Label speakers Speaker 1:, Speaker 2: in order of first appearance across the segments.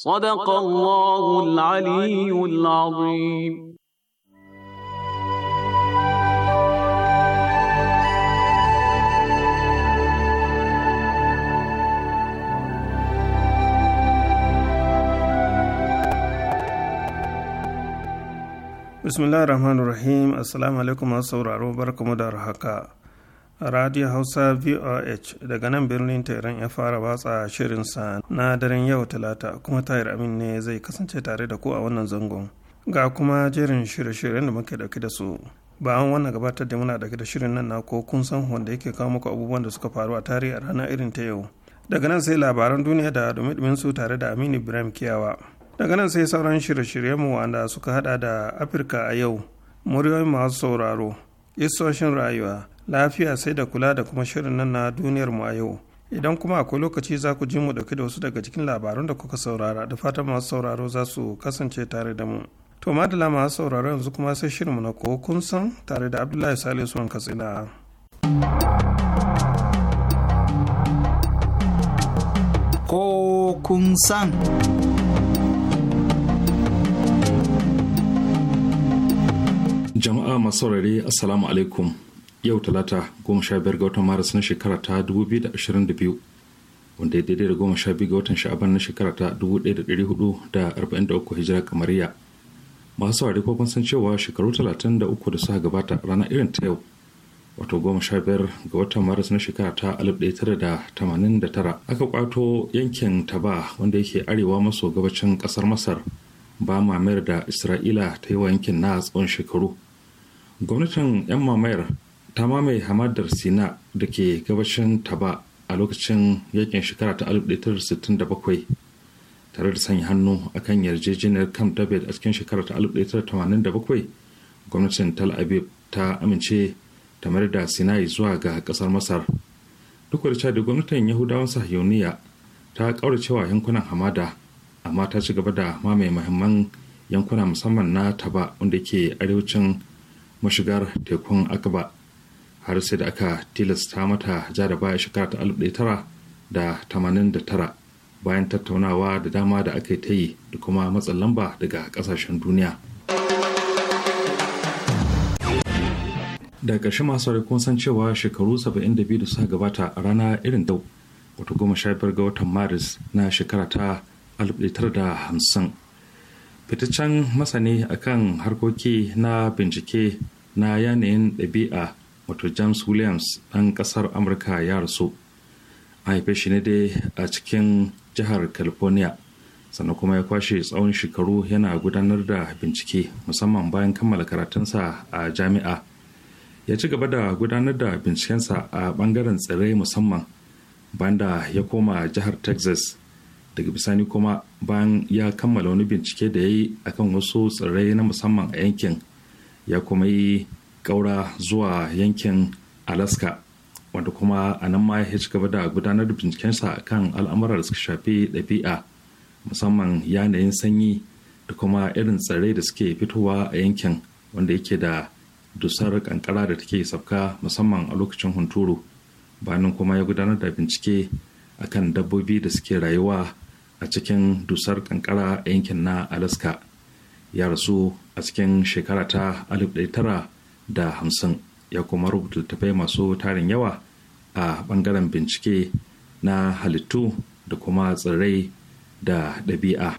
Speaker 1: صدق الله العلي العظيم
Speaker 2: bismillah rahman rahim assalamu alaikum masu sauraro barkamu da haka radio hausa voh daga nan birnin tehran ya fara watsa sa na daren yau talata kuma tahir amin ne zai kasance tare da ku a wannan zangon ga kuma jerin shirye-shiryen da muke dauke da su ba an wannan gabatar da muna dauke da shirin nan na ko kun san wanda yake kawo muku abubuwan da suka faru a tarihi a ranar irin ta yau daga nan sai labaran duniya da dumi su tare da aminu ibrahim kiyawa daga nan sai sauran shirye-shiryenmu wanda suka hada da afirka a yau muryoyin masu sauraro isoshin rayuwa lafiya sai da kula da kuma shirin nan na duniyar mu a yau idan kuma akwai lokaci za ku ji mu dauke da wasu daga cikin labarun da kuka saurara da fatan masu sauraro za su kasance tare da mu to madala masu sauraro yanzu kuma sai shirin mu na ko kun san tare da abdullahi salisu wan katsina
Speaker 3: ko kun san
Speaker 4: jama'a masu saurare assalamu alaikum yau talata goma sha biyar ga watan maris na shekara ta dubu biyu da ashirin da biyu wanda ya daidai da goma sha biyu ga watan sha'aban na shekara ta dubu ɗaya da ɗari hudu da arba'in da uku hijira kamariya masu saurari ko san cewa shekaru talatin da uku da suka gabata rana irin ta yau wato goma sha biyar ga watan maris na shekara ta alif ɗaya tara da tamanin da tara aka kwato yankin taba wanda yake arewa maso gabacin ƙasar masar ba mamayar da isra'ila ta yi wa yankin na tsawon shekaru gwamnatin 'yan mamayar ta mamaye hamadar sina da ke gabashin taba a lokacin yakin shekara ta 1967 tare da sanya hannu akan yarjejeniyar camp david a cikin shekara ta 1987 gwamnatin tel aviv ta amince ta da sinai zuwa ga kasar masar duk da da gwamnatin yahudawan sahiyoniya ta cewa yankunan hamada amma ta ci gaba da mamaye mahimman yankuna musamman na taba wanda ke arewacin mashigar tekun akaba har sai da aka tilasta mata jaraba a shekara ta 1989 bayan tattaunawa da dama da aka yi ta yi da kuma matsin lamba daga kasashen duniya. daga ƙarshe masu rai kun san cewa shekaru 72 da suka gabata a rana irin dau wato goma sha biyar ga watan maris na shekara ta hamsin fitaccen masani akan harkoki na bincike na yanayin ɗabi'a wato james williams ɗan ƙasar amurka ya rasu a haife shi ne dai a cikin jihar california sannan kuma ya kwashe tsawon shekaru yana gudanar da bincike musamman bayan kammala karatunsa a jami'a ya ci gaba da gudanar da bincikensa a ɓangaren tsirrai musamman banda ya koma jihar texas daga bisani kuma bayan ya kammala wani bincike da ya yi akan wasu tsirrai na musamman a yankin ya kuma yi gaura zuwa yankin alaska wanda kuma a nan ma ya ci gaba da gudanar da bincikensa kan al'amuran da suka shafi ɗabi'a musamman yanayin sanyi da kuma irin tsare da suke fitowa a yankin wanda yake da dusar kankara da take sabka musamman a lokacin hunturu bayan kuma ya gudanar da bincike a kan dabbobi da suke rayuwa a cikin dusar kankara a yankin na alaska ya rasu a cikin shekara ta 1900 da hamsin ya kuma rubuta littattafai masu tarin yawa a ɓangaren bincike na halittu da kuma tsirrai da ɗabi'a.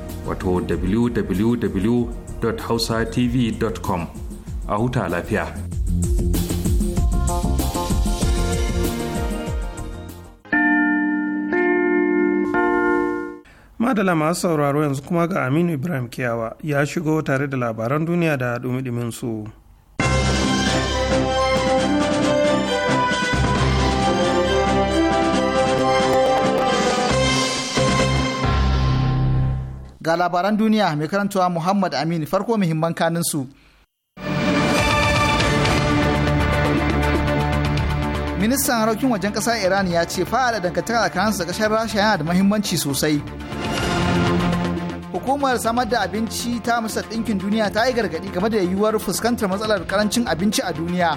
Speaker 4: wato www.hausatv.com a huta lafiya.
Speaker 2: Madala masu sauraro yanzu kuma ga Aminu Ibrahim Kiyawa ya shigo tare da labaran duniya da dumi su.
Speaker 3: Ga labaran duniya mai karantawa Muhammad Amin farko muhimman kanin su. Ministan harkokin wajen ƙasar Iran ya ce fa'ada a kanansu da ƙasar Rasha yana da muhimmanci sosai. Hukumar samar da abinci ta musa Ɗinkin Duniya ta yi gargaɗi game da yiwuwar fuskantar matsalar karancin abinci a duniya.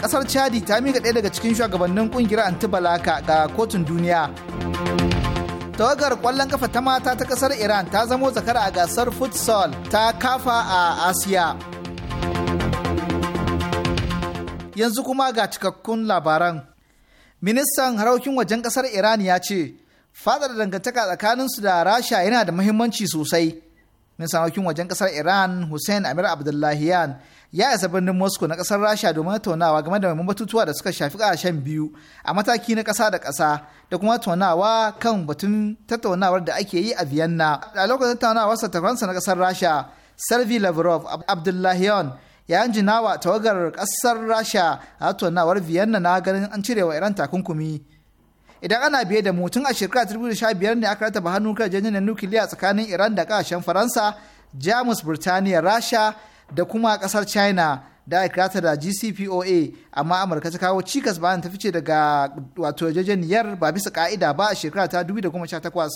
Speaker 3: Ƙasar chadi ta mika ɗaya daga cikin shugabannin kungiyar antibalaka ga kotun duniya tawagar kwallon kafa ta mata ta kasar iran ta zamo zakara a gasar futsal ta kafa a asiya yanzu kuma ga cikakkun labaran ministan haraukin wajen kasar iran ya ce fadar dangantaka tsakaninsu da rasha yana da muhimmanci sosai ministan harkokin wajen kasar iran hussein amir abdullahiyan ya isa birnin moscow na kasar rasha domin tonawa game da mai batutuwa da suka shafi kasashen biyu a mataki na kasa da kasa da kuma tonawa kan batun tattaunawar da ake yi a vienna a lokacin tattaunawarsa ta faransa na kasar rasha sergei lavrov abdullahian ya jina wa tawagar kasar rasha a tattaunawar vienna na ganin an cire wa iran takunkumi idan ana biye da mutum a shekara 2015 ne aka rataba hannun kan janyen nukiliya tsakanin iran da kasashen faransa jamus burtaniya rasha da kuma kasar china da aka da gcpoa amma amurka ta kawo cikas bayan ta fice daga wato yarjejeniyar ba bisa ka'ida ba a shekara ta 2018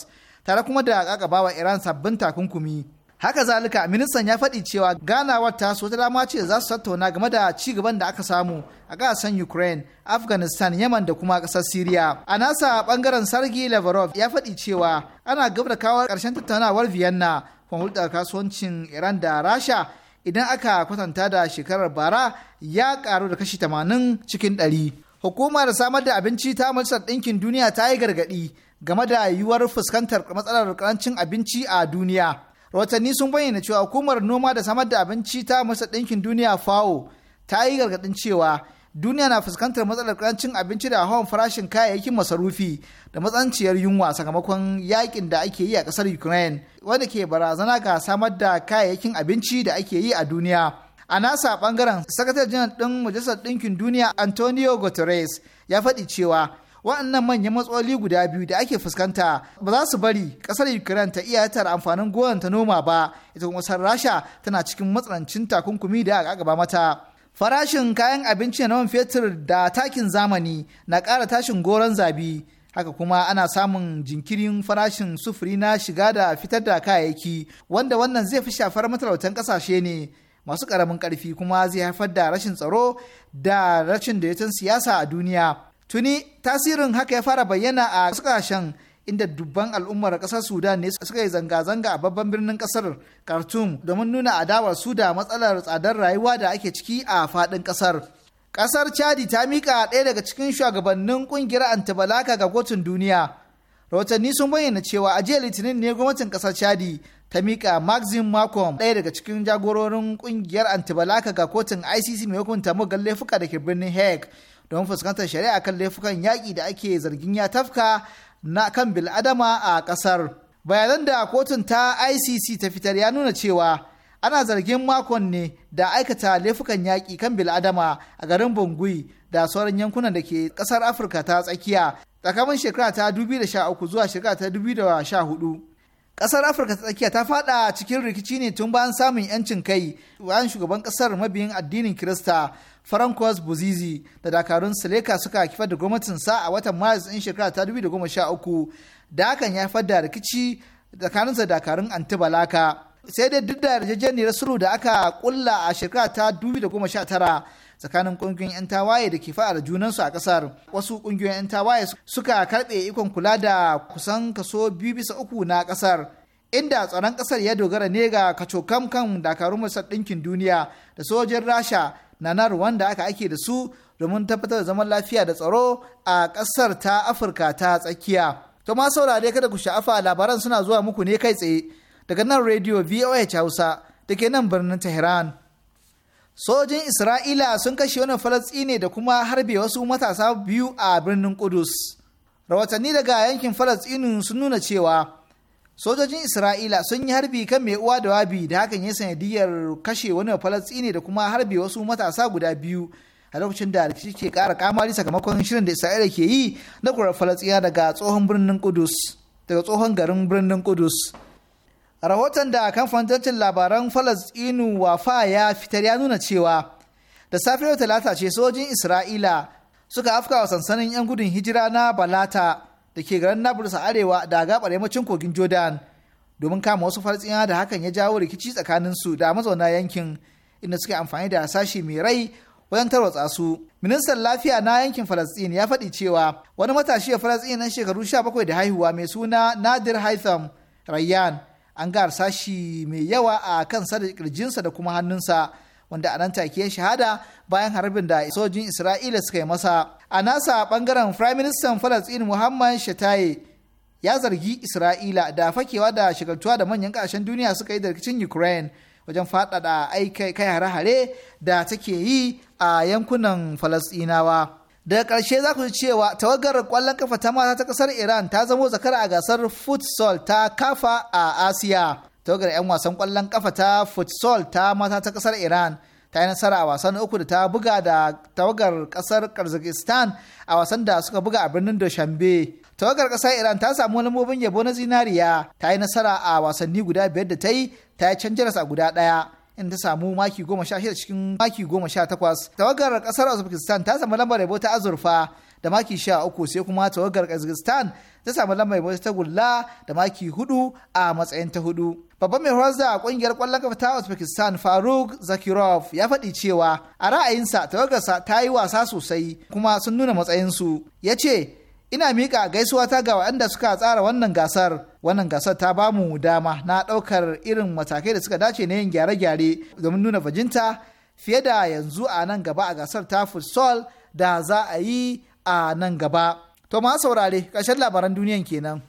Speaker 3: tare kuma da bawa iran sabbin takunkumi haka zalika ministan ya faɗi cewa ganawar ta so ta dama ce za su tattauna game da ci gaban da aka samu a ƙasashen ukraine afghanistan yaman da kuma kasar syria a nasa bangaren sargi lavrov ya faɗi cewa ana gab da kawo ƙarshen tattaunawar vienna kuma hulɗar kasuwancin iran da rasha idan aka kwatanta da shekarar bara ya karu da kashi tamanin cikin ɗari. Hukumar samar da abinci ta Majalisar Ɗinkin Duniya ta yi gargaɗi game da yiwuwar fuskantar matsalar karancin abinci a duniya. Rahotanni sun bayyana cewa hukumar noma da samar da abinci ta Majalisar Ɗinkin Duniya FAO ta yi gargaɗin cewa duniya na fuskantar matsalar karancin abinci da hawan farashin kayayyakin masarufi da matsanciyar yunwa sakamakon yakin da ake yi a kasar ukraine wanda ke barazana ga samar da kayayyakin abinci da ake yi a duniya a nasa bangaren sakatar janar ɗin majalisar ɗinkin duniya antonio guterres ya faɗi cewa waɗannan manyan matsaloli guda biyu da ake fuskanta ba za su bari ƙasar ukraine ta iya tara amfanin goron ta noma ba ita kuma rasha tana cikin matsanancin takunkumi da aka gaba mata Farashin kayan abinci na man fetur da takin zamani na ƙara tashin goron zabi, haka kuma ana samun jinkirin farashin sufuri na shiga da fitar da kayayyaki, wanda wannan zai fi shafar matalautan ƙasashe ne masu ƙaramin ƙarfi kuma zai haifar da rashin tsaro da rashin daidaiton siyasa a duniya. Tuni tasirin haka ya fara bayyana a ƙasashen inda dubban al'ummar kasar sudan ne suka yi zanga-zanga a babban birnin kasar khartoum domin nuna adawar su da matsalar tsadar rayuwa da ake ciki a faɗin kasar kasar chadi ta mika ɗaya daga cikin shugabannin kungiyar antibalaka ga kotun duniya rahotanni sun bayyana cewa a jiya litinin ne gwamnatin kasar chadi ta mika maxim Makon ɗaya daga cikin jagororin kungiyar antibalaka ga kotun icc mai hukunta mugan laifuka da ke birnin hague don fuskantar shari'a kan laifukan yaƙi da ake zargin ya tafka na kan bil'adama a kasar. Bayanan da kotun ta ICC ta fitar ya nuna cewa ana zargin makon ne da aikata laifukan yaƙi kan bil'adama a garin Bangui da sauran yankunan da ke ƙasar Afirka ta tsakiya tsakanin shekara ta 2013 zuwa shekara ta 2014. Ƙasar Afirka ta tsakiya ta fada cikin rikici ne tun bayan samun 'yancin kai bayan shugaban ƙasar mabiyin addinin Kirista Francois Bozizi da dakarun Seleka suka haifar da gwamnatinsa a watan Maris ɗin shekara ta 2013 da hakan ya haifar da rikici tsakaninsa dakarun Antibalaka. Sai dai duk da yarjejeniyar sulhu da aka kulla a shekara ta 2019 tsakanin kungiyoyin 'yan tawaye da ke fa'ar junansu a kasar wasu kungiyoyin 'yan tawaye suka karɓe ikon kula da kusan kaso biyu bisa uku na kasar inda tsaron kasar ya dogara ne ga kacokam kan dakarun masar ɗinkin duniya da sojin rasha na na Rwanda aka ake da su domin tabbatar da zaman lafiya da tsaro a ƙasar ta Afirka ta tsakiya. To ma saurare kada ku sha'afa labaran suna zuwa muku ne kai tsaye daga nan rediyo VOH Hausa da ke nan birnin Tehran. Sojin Isra'ila sun kashe wani ne da kuma harbe wasu matasa biyu a birnin Kudus. Rawatanni daga yankin Falasɗinu sun nuna cewa sojojin isra'ila sun yi harbi kan mai uwa da wabi da hakan ya sanadiyar kashe wani falastini da kuma harbe wasu matasa guda biyu a lokacin da rikici ke kara kamari sakamakon shirin da isra'ila ke yi na kurar falastina daga tsohon birnin kudus daga tsohon garin birnin kudus rahoton da kamfanin labaran falastinu wafa ya fitar ya nuna cewa da safiyar talata ce sojojin isra'ila suka afka wa sansanin 'yan gudun hijira na balata da ke garin Nablus a arewa da gabar yammacin kogin Jordan domin kama wasu fartsiya da hakan ya jawo rikici tsakanin su da mazauna yankin inda suke amfani da sashi mai rai wajen tarwatsa su. Ministan lafiya na yankin Falastin ya faɗi cewa wani matashi a Falastin shekaru shekaru 17 da haihuwa mai suna Nadir Haitham Rayyan an ga sashi mai yawa a kansa da kirjinsa da kuma hannunsa. wanda a nan take shahada bayan harbin da sojin Isra'ila suka yi masa. A nasa bangaren Prime Minister Falasɗin Muhammad Shataye ya zargi Isra'ila da fakewa da shigaltuwa da manyan ƙasashen duniya suka yi da rikicin Ukraine wajen faɗaɗa aikai kai hare-hare da take yi a yankunan Falasɗinawa. Daga ƙarshe za ku ji cewa tawagar ƙwallon kafa ta mata ta ƙasar Iran ta zamo zakara a gasar futsal ta kafa a Asiya. tawagar 'yan wasan kwallon kafa ta futsal ta mata ta kasar iran ta yi nasara a wasan uku da ta buga da tawagar kasar kazakhstan a wasan da suka buga a birnin doshambe tawagar kasar iran ta samu wani lambobin yabo na zinariya ta yi nasara a wasanni guda biyar da ta yi ta yi can a guda ɗaya in ta samu maki goma sha shida cikin maki goma sha takwas tawagar kasar uzbekistan ta samu lambar yabo ta azurfa da maki sha uku sai kuma tawagar kazakhstan ta samu lambar wata ta gulla da maki hudu a matsayin ta hudu. Babban mai horar a kungiyar kwallon kafa ta Uzbekistan Faruk Zakirov ya faɗi cewa a ra'ayinsa tawagarsa ta yi wasa sosai kuma sun nuna matsayinsu. Ya ce, Ina miƙa gaisuwa ta ga waɗanda suka tsara wannan gasar. Wannan gasar ta ba mu dama na ɗaukar irin matakai da suka dace na yin gyare-gyare domin nuna bajinta fiye da yanzu a nan gaba a gasar ta futsal da za a yi a nan gaba. To ma saurare ƙarshen labaran duniyan kenan.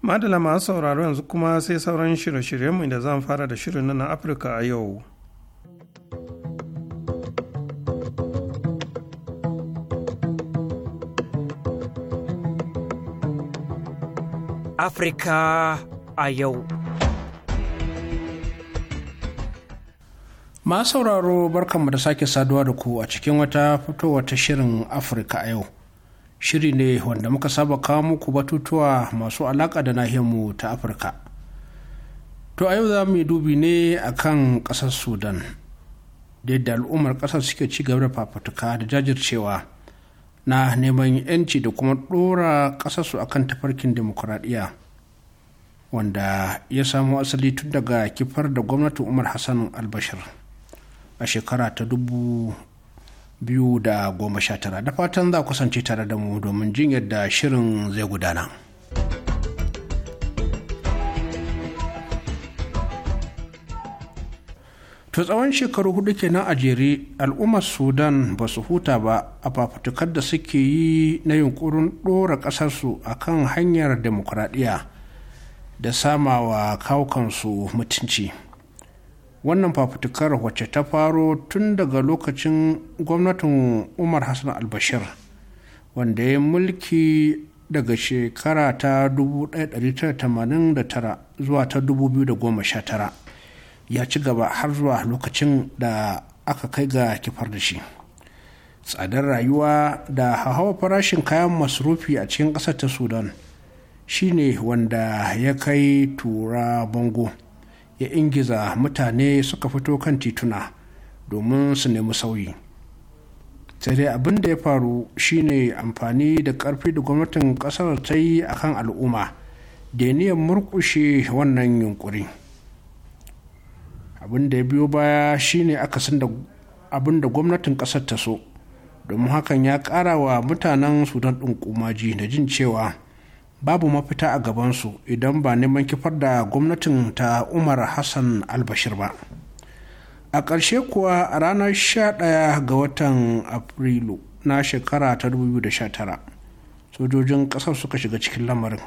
Speaker 2: Madala masu sauraro yanzu kuma sai sauran shirye-shiryenmu da zan fara da shirin na Afirka a yau.
Speaker 5: Afirka a yau. Ma sauraro
Speaker 6: barkanmu da sake saduwa da ku a cikin wata fitowa ta shirin Afirka a yau. Shiri ne wanda muka saba kawo muku batutuwa masu alaƙa da nahiyarmu ta Afirka. To a yau za mu yi dubi ne a kan ƙasar Sudan, da yadda al'ummar ƙasar suke ci gaba da fafutuka da jajircewa na neman 'yanci da kuma ɗora ƙasarsu akan tafarkin dimokuraɗiyya. wanda ya samo asali tun daga kifar da gwamnatin umar hassan albashir a shekara ta dubu biyu da goma sha tara da fatan za kusance tare da mu domin jin yadda shirin zai gudana. to tsawon shekaru hudu kenan a jere al'ummar sudan ba su huta ba a fafutukar da suke yi na yunkurin ɗora ƙasarsu a kan hanyar demokuraɗiyya da samawa kawukansu mutunci wannan fafutukar wacce ta faro tun daga lokacin gwamnatin umar hassan albashir wanda ya mulki daga shekara ta 1989 zuwa ta 2019 ya ci gaba har zuwa lokacin da aka kai ga kifar da shi tsadar rayuwa da hawa farashin kayan masrufi a cikin ƙasar ta sudan shine wanda ya kai tura bango. ya ingiza mutane suka fito kan tituna domin su nemi sauyi sai dai abin da ya faru shine amfani da karfi da gwamnatin kasar ta yi a kan al'umma da niyan murkushe wannan yunkuri abin da ya biyo baya shine akasin da abin da gwamnatin kasar ta so domin hakan ya kara wa mutanen sudan ɗin kumaji da jin cewa babu mafita a gabansu idan ba neman kifar da gwamnatin ta umar hassan albashir ba a ƙarshe kuwa a ranar 11 ga watan afrilu na shekara ta 2019 sojojin ƙasar suka shiga cikin lamarin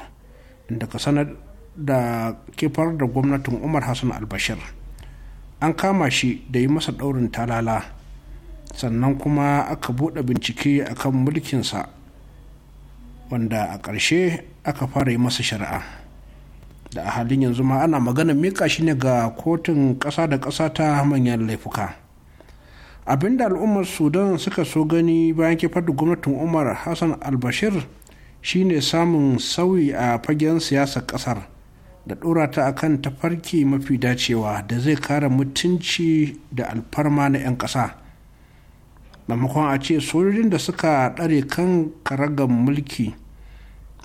Speaker 6: inda ka sanar da kifar da gwamnatin umar hassan albashir an kama shi da yi masa ɗaurin talala sannan kuma aka buɗe bincike akan mulkinsa wanda a ƙarshe aka fara yi masa shari'a da a halin yanzu ma ana magana mika shi ne ga kotun ƙasa da ƙasa ta manyan laifuka abinda al'ummar sudan suka so gani bayan kifar da gwamnatin umar hassan albashir shine samun sauyi a fagen siyasar ƙasar da ɗora ta akan tafarki mafi dacewa da zai kare mutunci da alfarma na 'yan ƙasa maimakon a ce sojojin da suka ɗare kan karagan mulki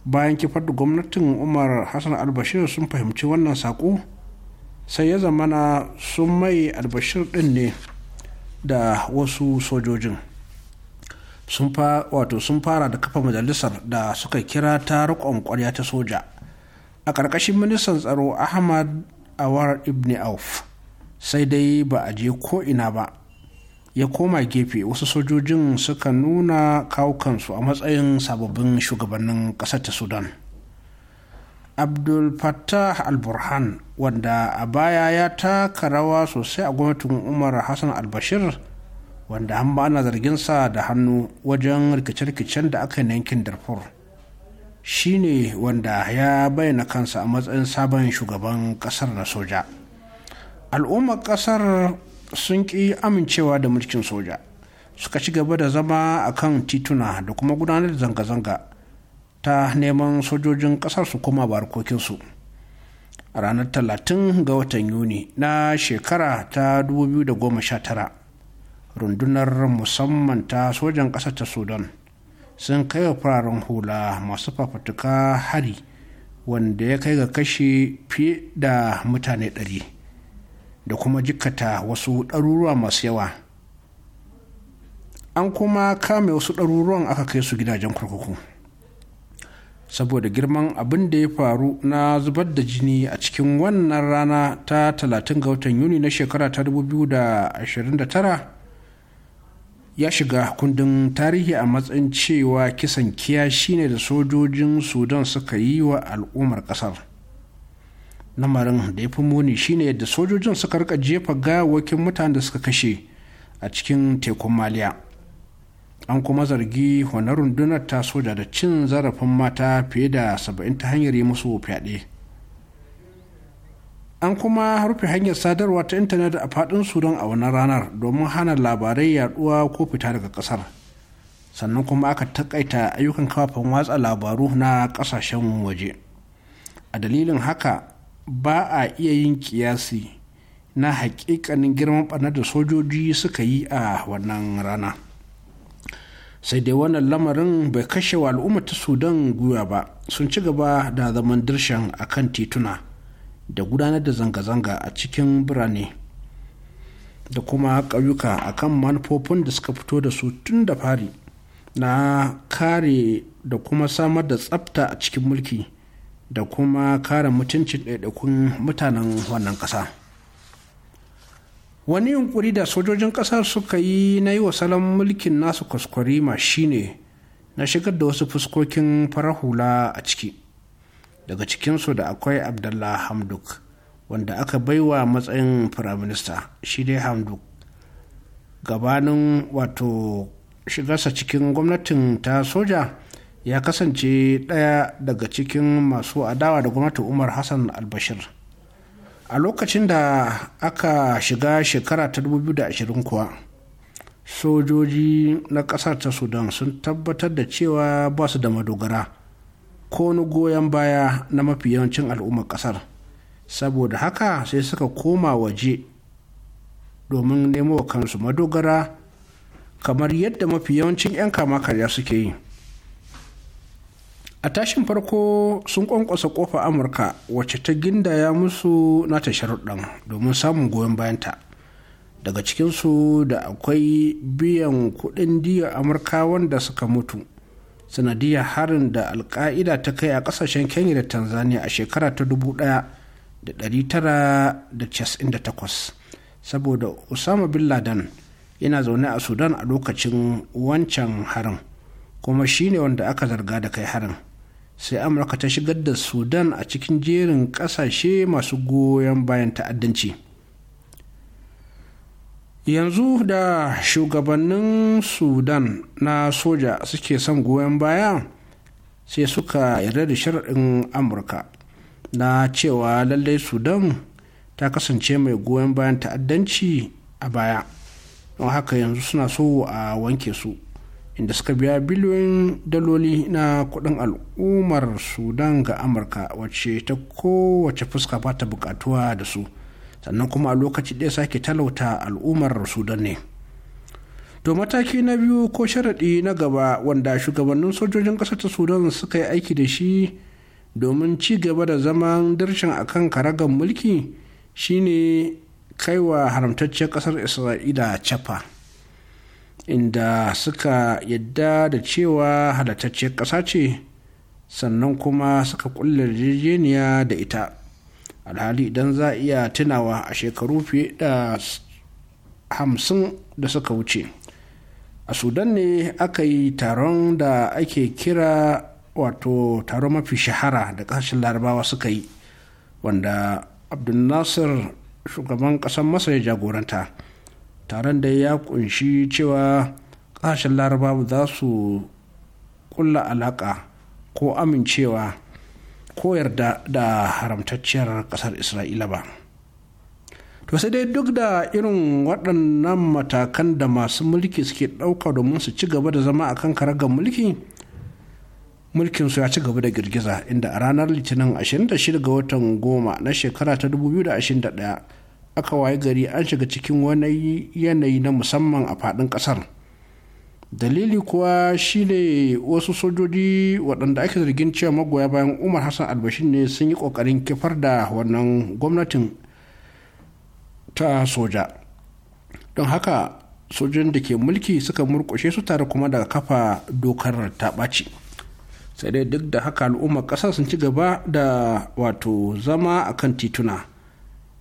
Speaker 6: bayan kifar da gwamnatin umar hassan albashir sun fahimci wannan saƙo sai ya zamana sun mai albashir ɗin ne da wasu sojojin sun wato sun fara da kafa majalisar da suka kira ta riƙon ƙwarya ta soja a ƙarƙashin ministan tsaro ahmad awar ibn auf sai dai ba a je ko ina ba ya koma gefe wasu sojojin suka nuna kawo kansu a matsayin sababbin shugabannin ƙasar ta sudan abdul fattah al-burhan wanda a baya ya taka rawa sosai a gwamnatin umar hassan al-bashir wanda an ba ana zarginsa da hannu wajen rikice-rikicen da aka yi na yankin darfur ne wanda ya bayyana kansa a matsayin sabon shugaban kasar na soja al'ummar kasar sun ƙi amincewa da mulkin soja suka ci gaba da zama a kan tituna da kuma gudanar da zanga-zanga ta neman sojojin ƙasar su koma barkokinsu a ranar 30 ga watan yuni na shekara ta 2019 rundunar musamman ta sojan ƙasar ta sudan sun kai wa fararen hula masu fafutuka hari wanda ya kai ga kashe fiye da mutane 100 da kuma jikata wasu ɗaruruwa masu yawa an kuma kame wasu ɗaruruwan aka kai su gidajen kurkuku saboda girman abin da ya faru na zubar da jini a cikin wannan rana ta 30 ga watan yuni na shekara ta 2029 ya shiga kundin tarihi a matsayin cewa kisan kiya ne da sojojin sudan suka yi wa al'ummar kasar lamarin da ya fi muni shine yadda sojojin suka rika jefa gawakin mutanen da suka kashe a cikin tekun maliya an kuma zargi wani rundunar ta soja da cin zarafin mata fiye da saba'in ta hanyar yi musu fyaɗe an kuma rufe hanyar sadarwa ta intanet a faɗin sudan a wannan ranar domin hana labarai yaɗuwa ko fita daga ƙasar sannan kuma aka taƙaita ayyukan kafafen watsa labaru na ƙasashen waje a dalilin haka ba a iya yin kiyasi na hakikanin girman ɓarnar da sojoji suka yi a wannan rana sai dai wannan lamarin bai kashe wa al'ummar ta sudan gwiwa ba sun ci gaba da zaman dirshan a kan tituna da gudanar da zanga-zanga a cikin birane da kuma ƙauyuka a kan manufofin da suka fito da su tun da fari na kare da kuma samar da tsafta a cikin mulki da kuma kare mutuncin ɗaiɗaikun mutanen wannan ƙasa wani yunkuri da sojojin ƙasa suka yi na yi wa salon mulkin nasu ma shine na shigar da wasu fuskokin farar hula a ciki daga cikinsu da akwai abdullah hamduk wanda aka baiwa matsayin firaminista shi dai hamduk gabanin wato shigarsa cikin gwamnatin ta soja ya kasance ɗaya daga cikin masu adawa da gwamnati umar hassan albashir a lokacin da aka shiga shekara ta 2020 kuwa sojoji na ƙasar ta sudan sun tabbatar da cewa ba su da madogara ko na goyon baya na mafi yawancin al'ummar ƙasar saboda haka sai suka koma waje domin nemo kansu madogara kamar yadda mafi yawancin 'yan kama karya suke yi a tashin farko sun kwankwasa kofa amurka wacce ta gindaya musu nata sharuɗan domin samun goyon bayanta daga cikinsu da akwai biyan kuɗin diya amurka wanda suka mutu sanadiyar harin da alka'ida ta kai a ƙasashen kenya da tanzania a shekara ta 1998 saboda usama bin laden yana zaune a sudan a lokacin wancan harin kuma shine wanda aka zarga da kai harin sai amurka ta shigar da sudan a cikin jerin kasashe masu goyon bayan ta'addanci yanzu da shugabannin sudan na soja suke son goyon baya sai suka yarda da sharaɗin amurka na cewa lallai sudan ta kasance mai goyon bayan ta'addanci a baya don haka yanzu suna so a wanke su inda suka biya biliyoyin daloli na kudin al'ummar sudan ga amurka wacce ta kowace fuska ba ta bukatuwa da su sannan kuma a lokaci ɗaya sake talauta al'ummar sudan ne to mataki na biyu ko sharaɗi na gaba wanda shugabannin sojojin ƙasar ta sudan suka yi aiki da shi domin ci gaba da zaman dirshin akan karagar mulki shine kaiwa haramtacciyar ƙasar isra'ila chapa. inda suka yadda da cewa halattacciyar ƙasa ce sannan kuma suka kulle yarjejeniya da ita alhali idan za iya tunawa a shekaru fiye da hamsin da suka wuce a sudan ne aka yi taron da ake kira wato taron mafi shahara da ƙasashen larabawa suka yi wanda abdul shugaban ƙasar masar ya jagoranta taron da ya kunshi cewa ƙasashen laraba za su kulla alaƙa ko amincewa ko yarda da haramtacciyar ƙasar isra'ila ba to sai dai duk da irin waɗannan matakan da masu mulki suke ɗauka domin su ci gaba da zama a kan karagar mulki su ya ci gaba da girgiza inda a ranar litinin 26 ga watan goma na shekara ta 2021 aka waye gari an shiga cikin wani yanayi na musamman a faɗin ƙasar dalili kuwa shine wasu sojoji waɗanda ake zargin cewa magoya bayan umar hassan albashir ne sun yi ƙoƙarin kifar da wannan gwamnatin ta soja don haka sojojin da ke mulki suka murƙushe su tare kuma daga kafa dokar ta ɓaci sai dai duk da haka al'ummar ƙasar sun ci gaba da wato zama a kan tituna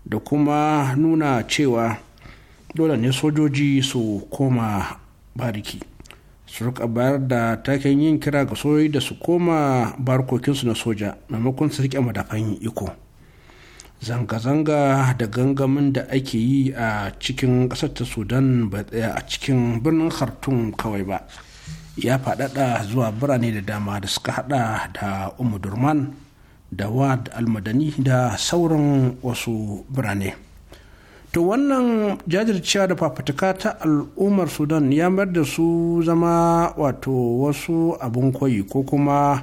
Speaker 6: da kuma nuna cewa dole ne sojoji su koma bariki su rika bayar da taken yin kira ga soyoyi da su koma barkokinsu na soja maimakon su rike madafan iko zanga-zanga da gangamin da ake yi a cikin ƙasar ta sudan ba tsaya a cikin birnin khartoum kawai ba ya faɗaɗa zuwa birane da dama da suka haɗa da umudurman da wad almadani da sauran wasu birane to wannan jajircewa da fafutuka ta al'ummar sudan ya mayar da su zama wato wasu abin koyi ko kuma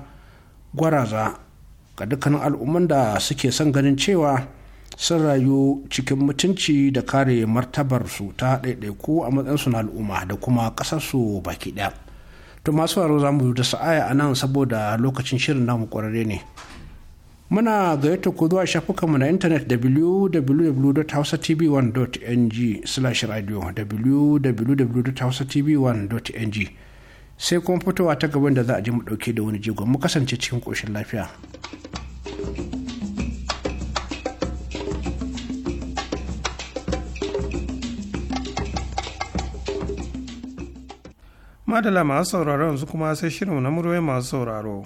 Speaker 6: gwaraza ga dukkanin al'umman da suke son ganin cewa sun rayu cikin mutunci da kare martabarsu ta ɗaiɗaiku a matsayinsu na al'umma da kuma ƙasarsu baki ɗaya to masu waro za mu da sa'aya a nan saboda lokacin shirin namu ƙwararre ne muna gayyata ku zuwa shafukanmu na intanet www.hausatv1.ng slash radio www.hausatv1.ng sai kuma fitowa ta gaban da za a ji mu dauke da wani jigon mu kasance cikin koshin lafiya.
Speaker 2: Madala masu sauraro yanzu kuma sai shirin na murwai masu sauraro.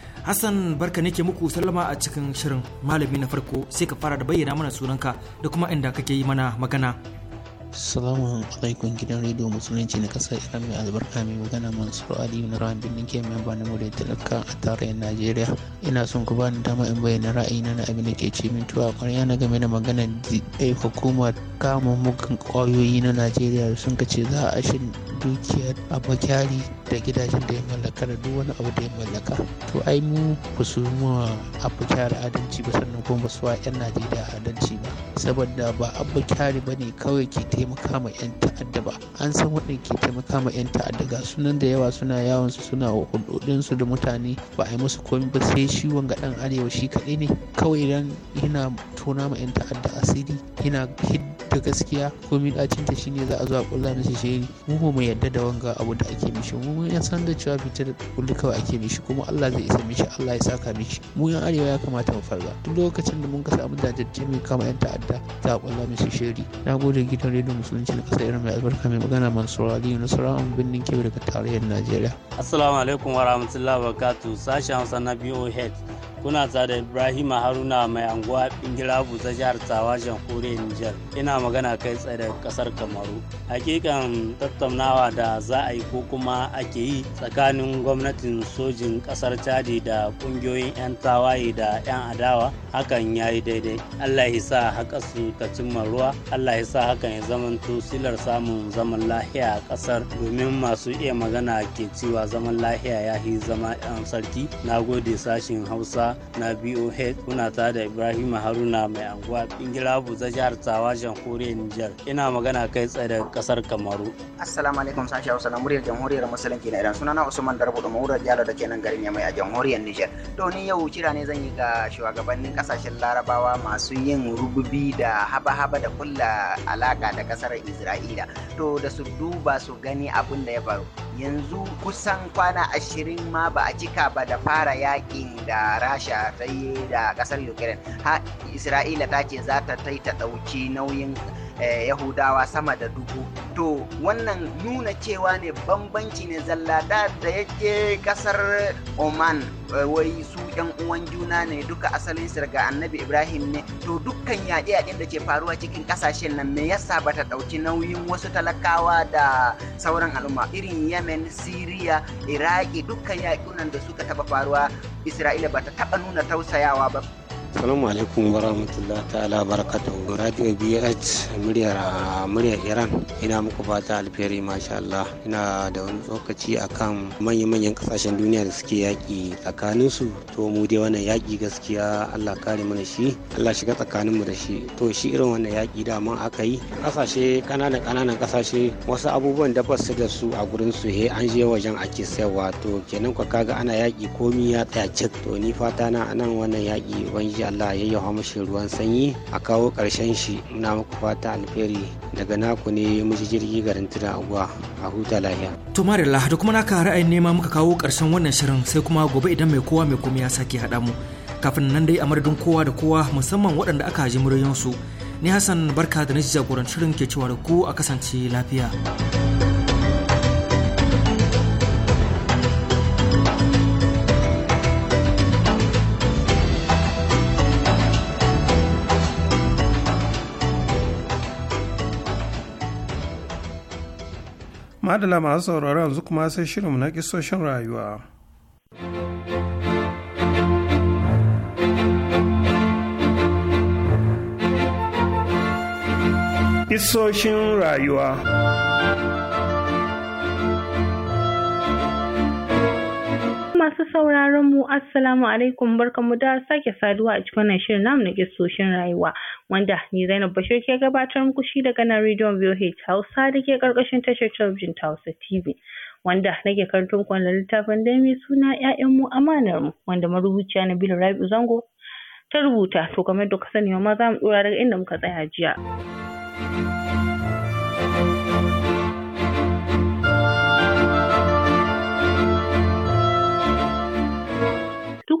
Speaker 5: Hassan barka nake muku sallama a cikin shirin malami na farko sai ka fara da bayyana mana sunanka da kuma inda kake yi mana magana.
Speaker 1: Salamu alaikum gidan rediyo musulunci na kasar Iran mai albarka mai magana Mansur Ali na Rawan Birnin ke mai bani mu da talaka a tarayyar Najeriya. Ina son ku bani dama in bayyana ra'ayina na abin da ke ci min tuwa kwarya na game da maganar da eh, hukumar kama mugun kwayoyi na Najeriya sun ka ce za a shin dukiyar kyari da gidajen da ya mallaka da duk wani abu da ya mallaka to ai mu ba su ma abokiyari adalci ba sannan kuma ba su wa 'yan najeriya adalci ba saboda ba abokiyari ba ne kawai ke taimaka ma 'yan ta'adda ba an san waɗanda ke taimaka ma 'yan ta'adda ga sunan da yawa suna yawon su suna hulɗoɗinsu da mutane ba a yi musu komai ba sai shi wanga ɗan arewa shi kaɗai ne kawai idan yana tona ma 'yan ta'adda asiri yana hidda gaskiya komai ɗacinta shine za a zo a ƙulla na shi mu mu yarda da wanga abu da ake mishi mu mun yan san da cewa fitar kullu kawai ake mishi kuma Allah zai isa mishi Allah ya saka mishi mu yan arewa ya kamata mu farga duk lokacin da mun ka samu mai kama yan ta'adda za a kwalla mishi shiri na gode gidan rediyo musulunci na kasar irin mai albarka mai magana mansur aliyu na sarawan birnin kebe daga tarayyar najeriya
Speaker 7: assalamu alaikum wa rahmatullahi wa barakatuh sashen hausa na head kuna da ibrahim haruna mai anguwa bingira buza jihar tawa
Speaker 8: kore niger ina magana kai tsaye da kasar kamaru hakikan tattaunawa tattaunawa da za a yi ko kuma ake yi tsakanin gwamnatin sojin kasar chadi da kungiyoyin 'yan tawaye da 'yan adawa hakan ya yi daidai allah ya sa haka su
Speaker 6: ta cimma ruwa allah ya sa hakan ya zamanto silar samun zaman lahiya a kasar domin masu iya magana ke cewa zaman lahiya ya yi zama 'yan sarki na gode sashin hausa na boh kuna ta da ibrahim haruna mai anguwa bingira buza jihar tawa jamhuriyar niger ina magana kai tsaye da kasar kamaru
Speaker 8: alaikum sashi Hausa na muryar jamhuriyar musulunci na Iran sunana Usman Darbu da Mawura Jalo da kenan garin Yamai a jamhuriyar Niger. To ni yau kira ne zan yi ga shugabannin kasashen Larabawa masu yin rububi da haba-haba da kulla alaka da kasar Isra'ila. To da su duba su gani abin da ya faru. Yanzu kusan kwana ashirin ma ba a cika ba da fara yakin da Rasha ta yi da kasar Ukraine. Ha Isra'ila ta ce za ta ta ɗauki nauyin Eh, yahudawa sama da dubu to wannan nuna cewa ne bambanci ne zallada da yake kasar oman eh, wai su yan uwan juna ne duka asalin daga annabi ibrahim ne to dukkan yaƙe yaƙen da ke faruwa cikin ƙasashen nan me yasa ta ɗauki nauyin wasu talakawa da sauran al'umma irin yemen siriya iraki dukkan yaƙunan da suka taɓa faruwa isra'ila ba ta taɓa nuna tausayawa ba
Speaker 5: Salamu alaikum wa rahmatullahi ta'ala barakatuhu. Radio BH muryar muryar Iran ina muku fata alheri masha Allah. Ina da wani tsokaci akan manya-manyan kasashen duniya da suke yaƙi tsakanin su to mu dai wannan yaƙi gaskiya Allah kare mana shi Allah shiga tsakanin mu da shi to shi irin wannan yaƙi dama aka yi kasashe kananan kananan kasashe wasu abubuwan da su da su a gurin su he an je wajen ake sayarwa to kenan ka ga ana yaƙi komi ya tsaya cik to ni fata na anan wannan yaƙi wani ji allah ya yawa mashi ruwan sanyi a kawo ƙarshen shi na muku fata alheri daga naku ne muji jirgi garin tuna aguwa a huta lafiya to marilla da kuma naka ra'ayin nema muka kawo ƙarshen wannan shirin sai kuma gobe idan mai kowa mai komai ya sake haɗa mu kafin nan dai a madadin kowa da kowa musamman waɗanda aka ji su ni hassan barka da na jagoran shirin ke cewa da ku a kasance lafiya.
Speaker 2: madala masu sauraro yanzu kuma sai shirinmu na kisoshin rayuwa. Kisoshin rayuwa
Speaker 7: Masu sauraron mu Assalamu alaikum barkamu da sake saduwa a cikin shirin namu na kisoshin rayuwa. wanda ni Zainab Bashir ke gabatar muku shi daga nan rediyon VOH Hausa da ke karkashin tashar talabijin ta Hausa TV. Wanda nake karanto muku wannan littafin da mai suna mu amanar mu wanda marubuciya Nabila Rabi'u Zango ta rubuta to kamar da ka sani ma za mu ɗora daga inda muka tsaya jiya.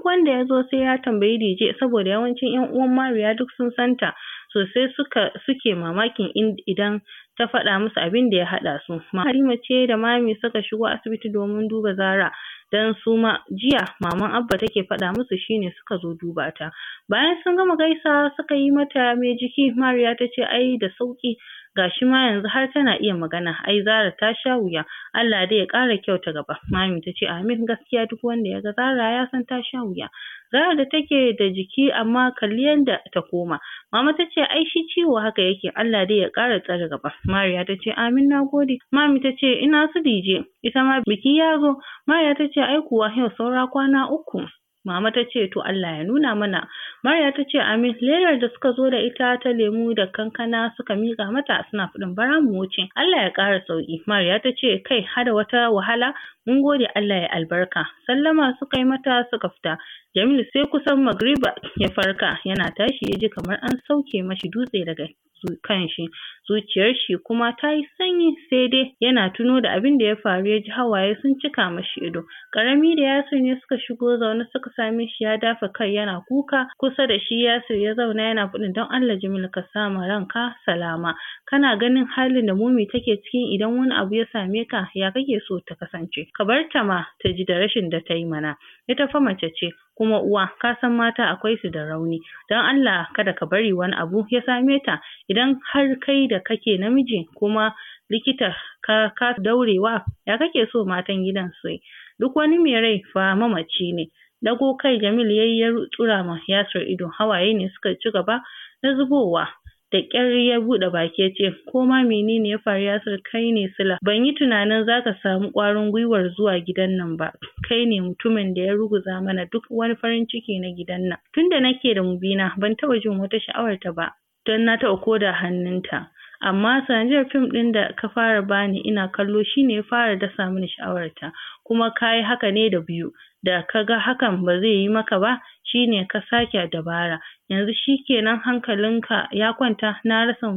Speaker 7: duk wanda ya zo sai ya tambayi DJ saboda yawancin yan uwan mariya duk sun santa sosai suka suke mamakin idan ta faɗa musu abin da ya haɗa su halima ce da mami suka shigo asibiti domin duba zara dan su jiya maman abba take faɗa musu shine suka zo duba ta bayan sun gama gaisawa suka yi mata mai jiki mariya ta ce ai da sauƙi. gashi ma yanzu har tana iya magana ai Zara ta sha wuya Allah dai ya ƙara kyauta gaba mami tace amin gaskiya duk wanda ya ga Zara ya san ta sha wuya Zara da take da jiki amma kalli yadda ta koma mama tace ai shi ciwo haka yake Allah dai ya ƙara tsare gaba Mariya tace amin nagode mami tace ina su dije ita ma biki ya zo Mariya tace ai kuwa yau saura kwana uku Mama ta ce to Allah ya nuna mana. Marya ta ce amin Lerar da suka zo da ita ta lemu da kankana suka miƙa mata suna fadin bara mu wuce. Allah ya ƙara sauƙi. Marya ta ce kai hada wata wahala mun gode Allah ya albarka sallama suka yi mata suka fita Jamilu sai kusan magriba ya farka yana tashi ya ji kamar an sauke mashi dutse daga kan shi zuciyar shi kuma ta yi sanyi sai dai yana tuno da abin da ya faru ya ji hawaye sun cika mashi ido Ƙarami da yasir ne suka shigo zaune suka same shi ya dafa kai yana kuka kusa da shi yasir ya zauna yana faɗin don Allah Jamilu ka sama ranka salama kana ganin halin da momi take cikin idan wani abu ya same ka ya kake so ta kasance ka bar ta ma ta ji da rashin da ta yi mana ita fa mace ce kuma uwa ka san mata akwai su da rauni don Allah kada ka bari wani abu ya same ta idan har kai da kake namiji kuma likita ka ka daurewa ya kake so matan gidan su yi duk wani mai rai fa mamaci ne dago kai Jamil yayi ya tsura ma Yasir ido hawaye ne suka ci gaba na zubowa da ƙyar ya buɗe baki ya ce ko ma menene ya faru Yasir kai ne Sila ban yi tunanin zaka samu ƙwarin gwiwar zuwa gidan nan ba kai ne mutumin da ya ruguza mana duk wani farin ciki na gidan nan tunda nake da Mubina ban taɓa jin wata sha'awar ta ba don na taɓa koda hannunta amma sanadiyar fim ɗin da ka fara bani ina kallo shine ya fara dasa mini sha'awarta, ta kuma kayi haka ne da biyu da ka ga hakan ba zai yi maka ba shine ka sake dabara yanzu shi shikenan hankalinka ya kwanta na rasa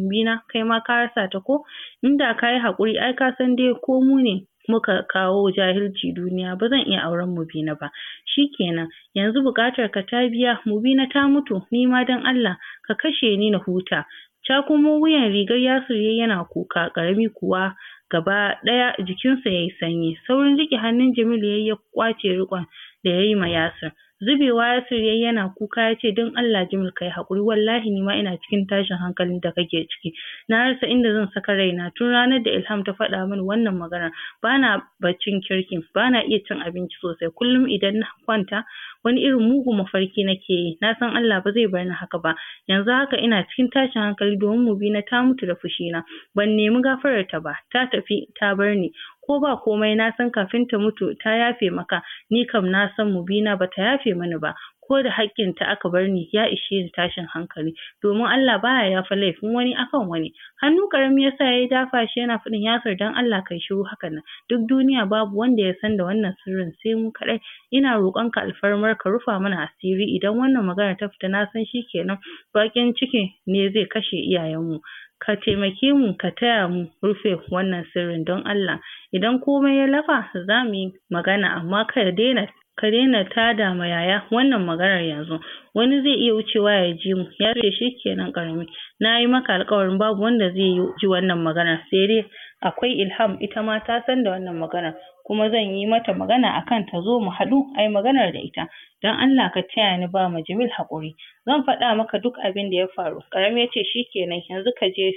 Speaker 7: kai ma ka rasa ta ko inda kayi hakuri ai ka san dai ko mu ne muka kawo jahilci duniya ba zan iya auren Mubina ba shikenan yanzu buƙatar ka ta biya Mubina ta mutu Ni ma dan Allah ka kashe ni na huta ta wuyan rigar Yasir yana kuka ƙarami kuwa gaba ɗaya jikinsa yayi sanyi saurin riƙe hannun Jamilu yayi ya ƙwace riƙon da yayi ma Yasir Zubewa ya ya yayi yana kuka ya ce don Allah Jimil ka yi haƙuri wallahi ni ma ina cikin tashin hankalin da kake ciki. Na rasa inda zan saka raina tun ranar da Ilham ta faɗa min wannan magana. bana baccin kirki bana iya cin abinci sosai kullum idan na kwanta wani irin mugu mafarki nake yi na san Allah ba zai bar ni haka ba yanzu haka ina cikin tashin hankali domin mu na ta mutu da fushi na. ban nemi gafararta ba ta tafi ta bar ni ko ba komai na san kafin ta mutu ta yafe maka ni kam na san mu mubina bata yafe mani ba ko da hakkin ta aka bar ni ya ishe ni tashin hankali domin Allah baya yafe laifin wani akan wani hannu karami yasa yayi dafa shi yana faɗin yasir dan Allah kai shiru hakan nan duk duniya babu wanda ya san da wannan sirrin sai mu kaɗai ina roƙon ka alfarmar ka rufa mana asiri idan wannan magana ta fita na san shikenan bakin ciki ne zai kashe iyayenmu ka taimake mu ka taya mu rufe wannan sirrin don Allah idan komai ya lafa za mu yi magana amma ka daina ka daina tada ma yaya wannan maganar yanzu wani zai iya wucewa ya ji mu ya ce shikenan ƙarami na yi maka alƙawarin babu wanda zai ji wannan maganar sai dai akwai Ilham ita ma ta san da wannan magana kuma zan yi mata magana akan ta zo mu haɗu ai maganar da ita don Allah ka taya ni ba ma Jamil haƙuri zan faɗa maka duk abin da ya faru ƙarami ya ce shi kenan, yanzu ka je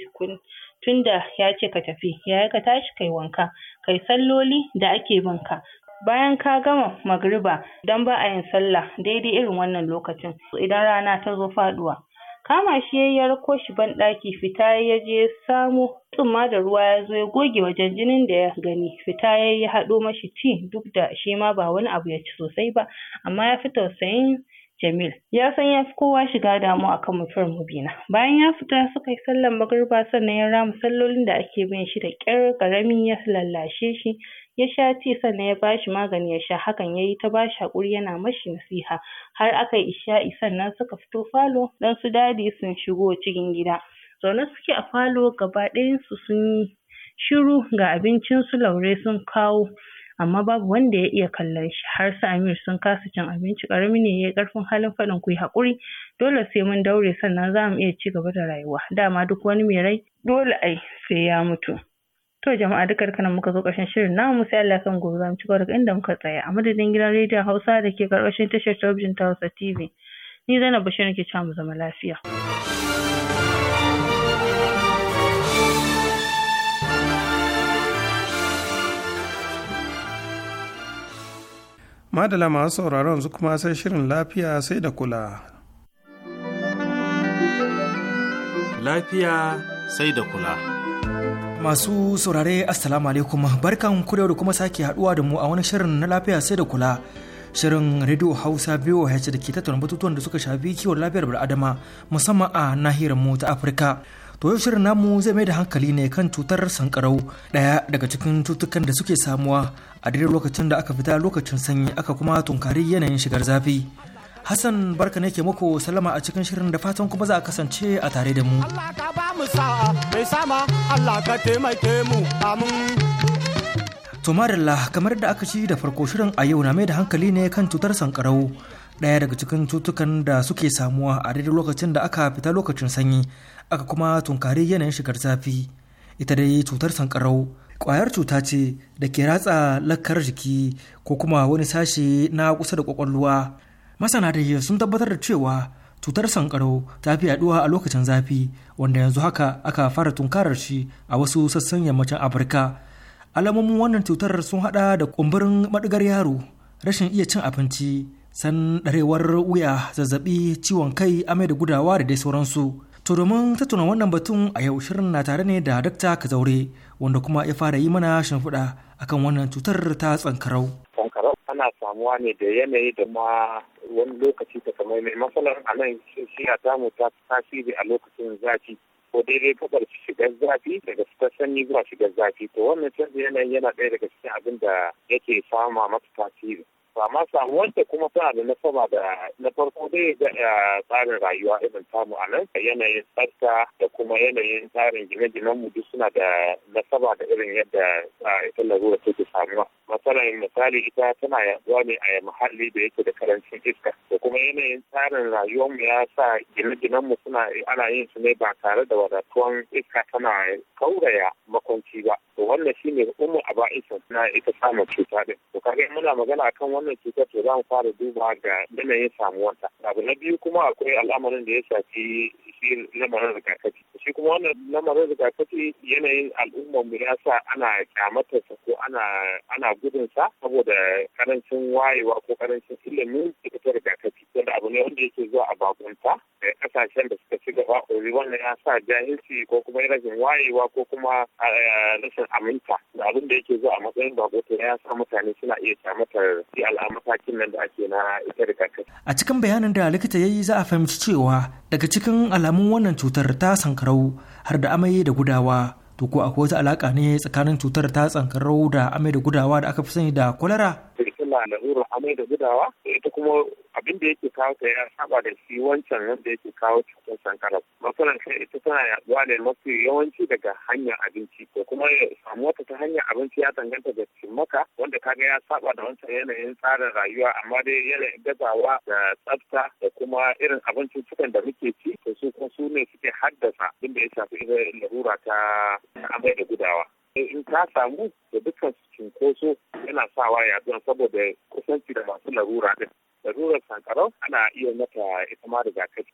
Speaker 7: tunda ya ce ka tafi yaya ka tashi kai wanka kai salloli da ake bin ka bayan ka gama magriba don ba a yin sallah daidai irin wannan lokacin idan rana ta zo faɗuwa kama shi yayi ya rako shi banɗaki fita ya je ya samo tsumma da ruwa ya zo ya goge wajen jinin da ya gani fita yayi ya haɗo mashi ci duk da shi ma ba wani abu ya ci sosai ba amma ya fi tausayin Jamil ya san ya kowa shiga damuwa akan mutuwar Mubina bayan ya fita suka yi sallar magriba sannan ya rama sallolin da ake bin shi da ƙyar ƙarami ya lallashe shi ya sha tea sannan ya bashi magani ya sha hakan yayi ta bashi haƙuri yana mashi nasiha har yi isha'i sannan suka fito falo don su dadi sun shigo cikin gida zaune suke a falo gaba ɗayan su sunyi shiru ga abincin su laure sun kawo amma babu wanda ya iya kallon shi har su Amir sun kasa cin abinci ƙarami ne yayi ƙarfin halin faɗin kuyi haƙuri dole sai mun daure sannan zamu iya gaba da rayuwa dama duk wani mai rai dole ai sai ya mutu To jama'a duka da nan muka zo ƙarshen shirin namu sai Allah kan gobe zamu ci gaba daga inda muka tsaya a madadin gidan rediyon Hausa da ke karkashin tashar talabijin ta Hausa TV. Ni Zainab Bashir nake cewa mu zama lafiya.
Speaker 2: Madala masu sauraron yanzu kuma sai shirin
Speaker 5: lafiya sai da kula.
Speaker 4: Lafiya
Speaker 6: sai da kula.
Speaker 5: Masu saurare Assalamu alaikum barkan ku da kuma sake haduwa da mu a wani shirin na lafiya sai da kula. Shirin Radio Hausa VOH da ke tattauna batutuwan da suka shafi kiwon lafiyar baradama musamman a nahiyar mu ta Afirka. To yau shirin namu zai mai da hankali ne kan cutar sankarau ɗaya daga cikin cutukan da suke samuwa a daidai lokacin da aka fita lokacin sanyi aka kuma tunkari yanayin shigar zafi. Hassan barka ne ke muku salama a cikin shirin da fatan kuma za a kasance a tare da mu. Allah
Speaker 8: ka ba mu sa'a mai sama
Speaker 5: Allah ka taimake mu amin. kamar da aka ci da farko shirin a yau na mai da hankali ne kan cutar sankarau ɗaya daga cikin cutukan da suke samuwa a daidai lokacin da aka fita lokacin sanyi aka kuma tunkari yanayin shigar zafi ita dai cutar sankarau kwayar cuta ce da ke ratsa lakkar jiki ko kuma wani sashe na kusa da kwakwalwa masana da sun tabbatar da cewa cutar sankarau ta fi yaduwa a lokacin zafi wanda yanzu haka aka fara tunkarar shi a wasu sassan yammacin afirka alamomin wannan cutar sun hada da kumburin madigar yaro rashin iya cin abinci san darewar wuya zazzabi ciwon kai amai da gudawa da dai sauransu to domin tattuna wannan batun a yau shirin na tare ne da dakta kazaure wanda kuma ya fara yi mana shimfiɗa akan wannan cutar ta tsankarau
Speaker 9: ana samuwa ne da yanayi da ma wani lokaci ta kamar mai matsalar a nan shi ta damu ta tasiri a lokacin zafi ko daidai gabar shigar zafi daga fitar sanyi zuwa shigar zafi to wannan canjin yanayi yana ɗaya daga cikin abin da yake fama mata tasiri ma samu wanda kuma tana da nasaba da na farko dai da eh, tsarin rayuwa irin tamu a nan yanayin tsafta da kuma yanayin tsarin gine-ginen mu duk suna da nasaba da irin yadda ita larura take samuwa matsalar misali ita tana yaduwa ne a muhalli da yake da karancin iska da kuma yanayin tsarin rayuwar mu ya sa gine-ginen mu suna ana yin su ne ba tare da wadatuwan iska tana kauraya makwanci ba to wannan shine umu a ba'isin na ita samun cuta din to kaga muna magana akan wannan wannan cutar to za mu fara duba ga yanayin samuwarta abu na biyu kuma akwai al'amarin da ya shafi shi lamarin rigakafi shi kuma wannan lamarin rigakafi yanayin al'ummar mu ya sa ana kyamatar sa ko ana ana gudun sa saboda karancin wayewa ko karancin ilimin cutar rigakafi wanda abu ne wanda yake zuwa a bakunta da kasashen da suka ci gaba ori wannan ya sa jahilci ko kuma rashin wayewa ko kuma eh, rashin aminta da abin da yake zuwa a matsayin bako ya sa mutane suna iya kyamatar matakin nan da ake na ita rigakafi.
Speaker 5: A cikin bayanin da likita ya yi za a fahimci cewa daga cikin alamun wannan cutar ta sankarau har da amai da gudawa. To ko akwai wata alaƙa ne tsakanin cutar ta sankarau da amai da gudawa da aka fi sani da kwalara?
Speaker 9: na amai da gudawa ita kuma abin da yake kawo ta ya saba da shi wancan da yake kawo cikin sankara matsalar kai ita tana yaduwa ne mafi yawanci daga hanyar abinci ko kuma wata ta hanyar abinci ya danganta da maka wanda kaga ya saba da wancan yanayin tsarin rayuwa amma dai yanayin gazawa da tsafta da kuma irin abincin cikin da muke ci to su kuma su ne suke haddasa abin da ya shafi larura ta amai da gudawa Eh, in ka samu da dukkan cinkoso yana sawa yaduwa saboda kusanci da masu larura din larurar sankarau ana iya mata ita ma rigakafi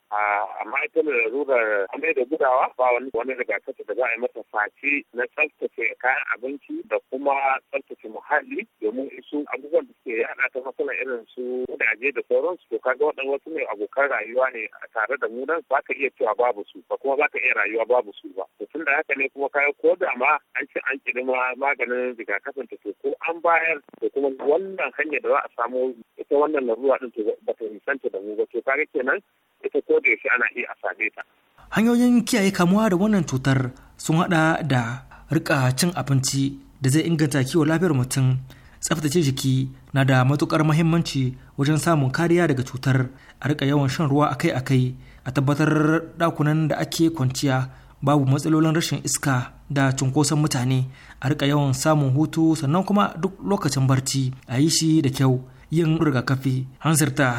Speaker 9: amma ita da larurar amai da gudawa ba wani wani rigakafi da za a yi mata face na tsaftace kayan abinci da kuma tsaftace muhalli domin isu abubuwan da suke yada ta matsalar irin su gudaje da sauransu to kaga waɗannan wasu ne abokan rayuwa ne tare da mu nan ba ka iya cewa babu su ba kuma ba ka iya rayuwa babu su ba to tun da haka ne kuma kayan ko da ma an ce an kirima maganin rigakafin ta ko an bayar da kuma wannan hanyar da za a samu ita wannan larura zuwa ba ta nisanta da mu ba to kare kenan ita ko da yaushe ana iya same ta.
Speaker 5: Hanyoyin kiyaye kamuwa da wannan cutar sun haɗa da rika cin abinci da zai inganta kiwon lafiyar mutum tsaftace jiki na da matukar mahimmanci wajen samun kariya daga cutar a rika yawan shan ruwa akai-akai a tabbatar dakunan da ake kwanciya babu matsalolin rashin iska da cunkoson mutane a rika yawan samun hutu sannan kuma duk lokacin barci a yi shi da kyau yin rigakafi ha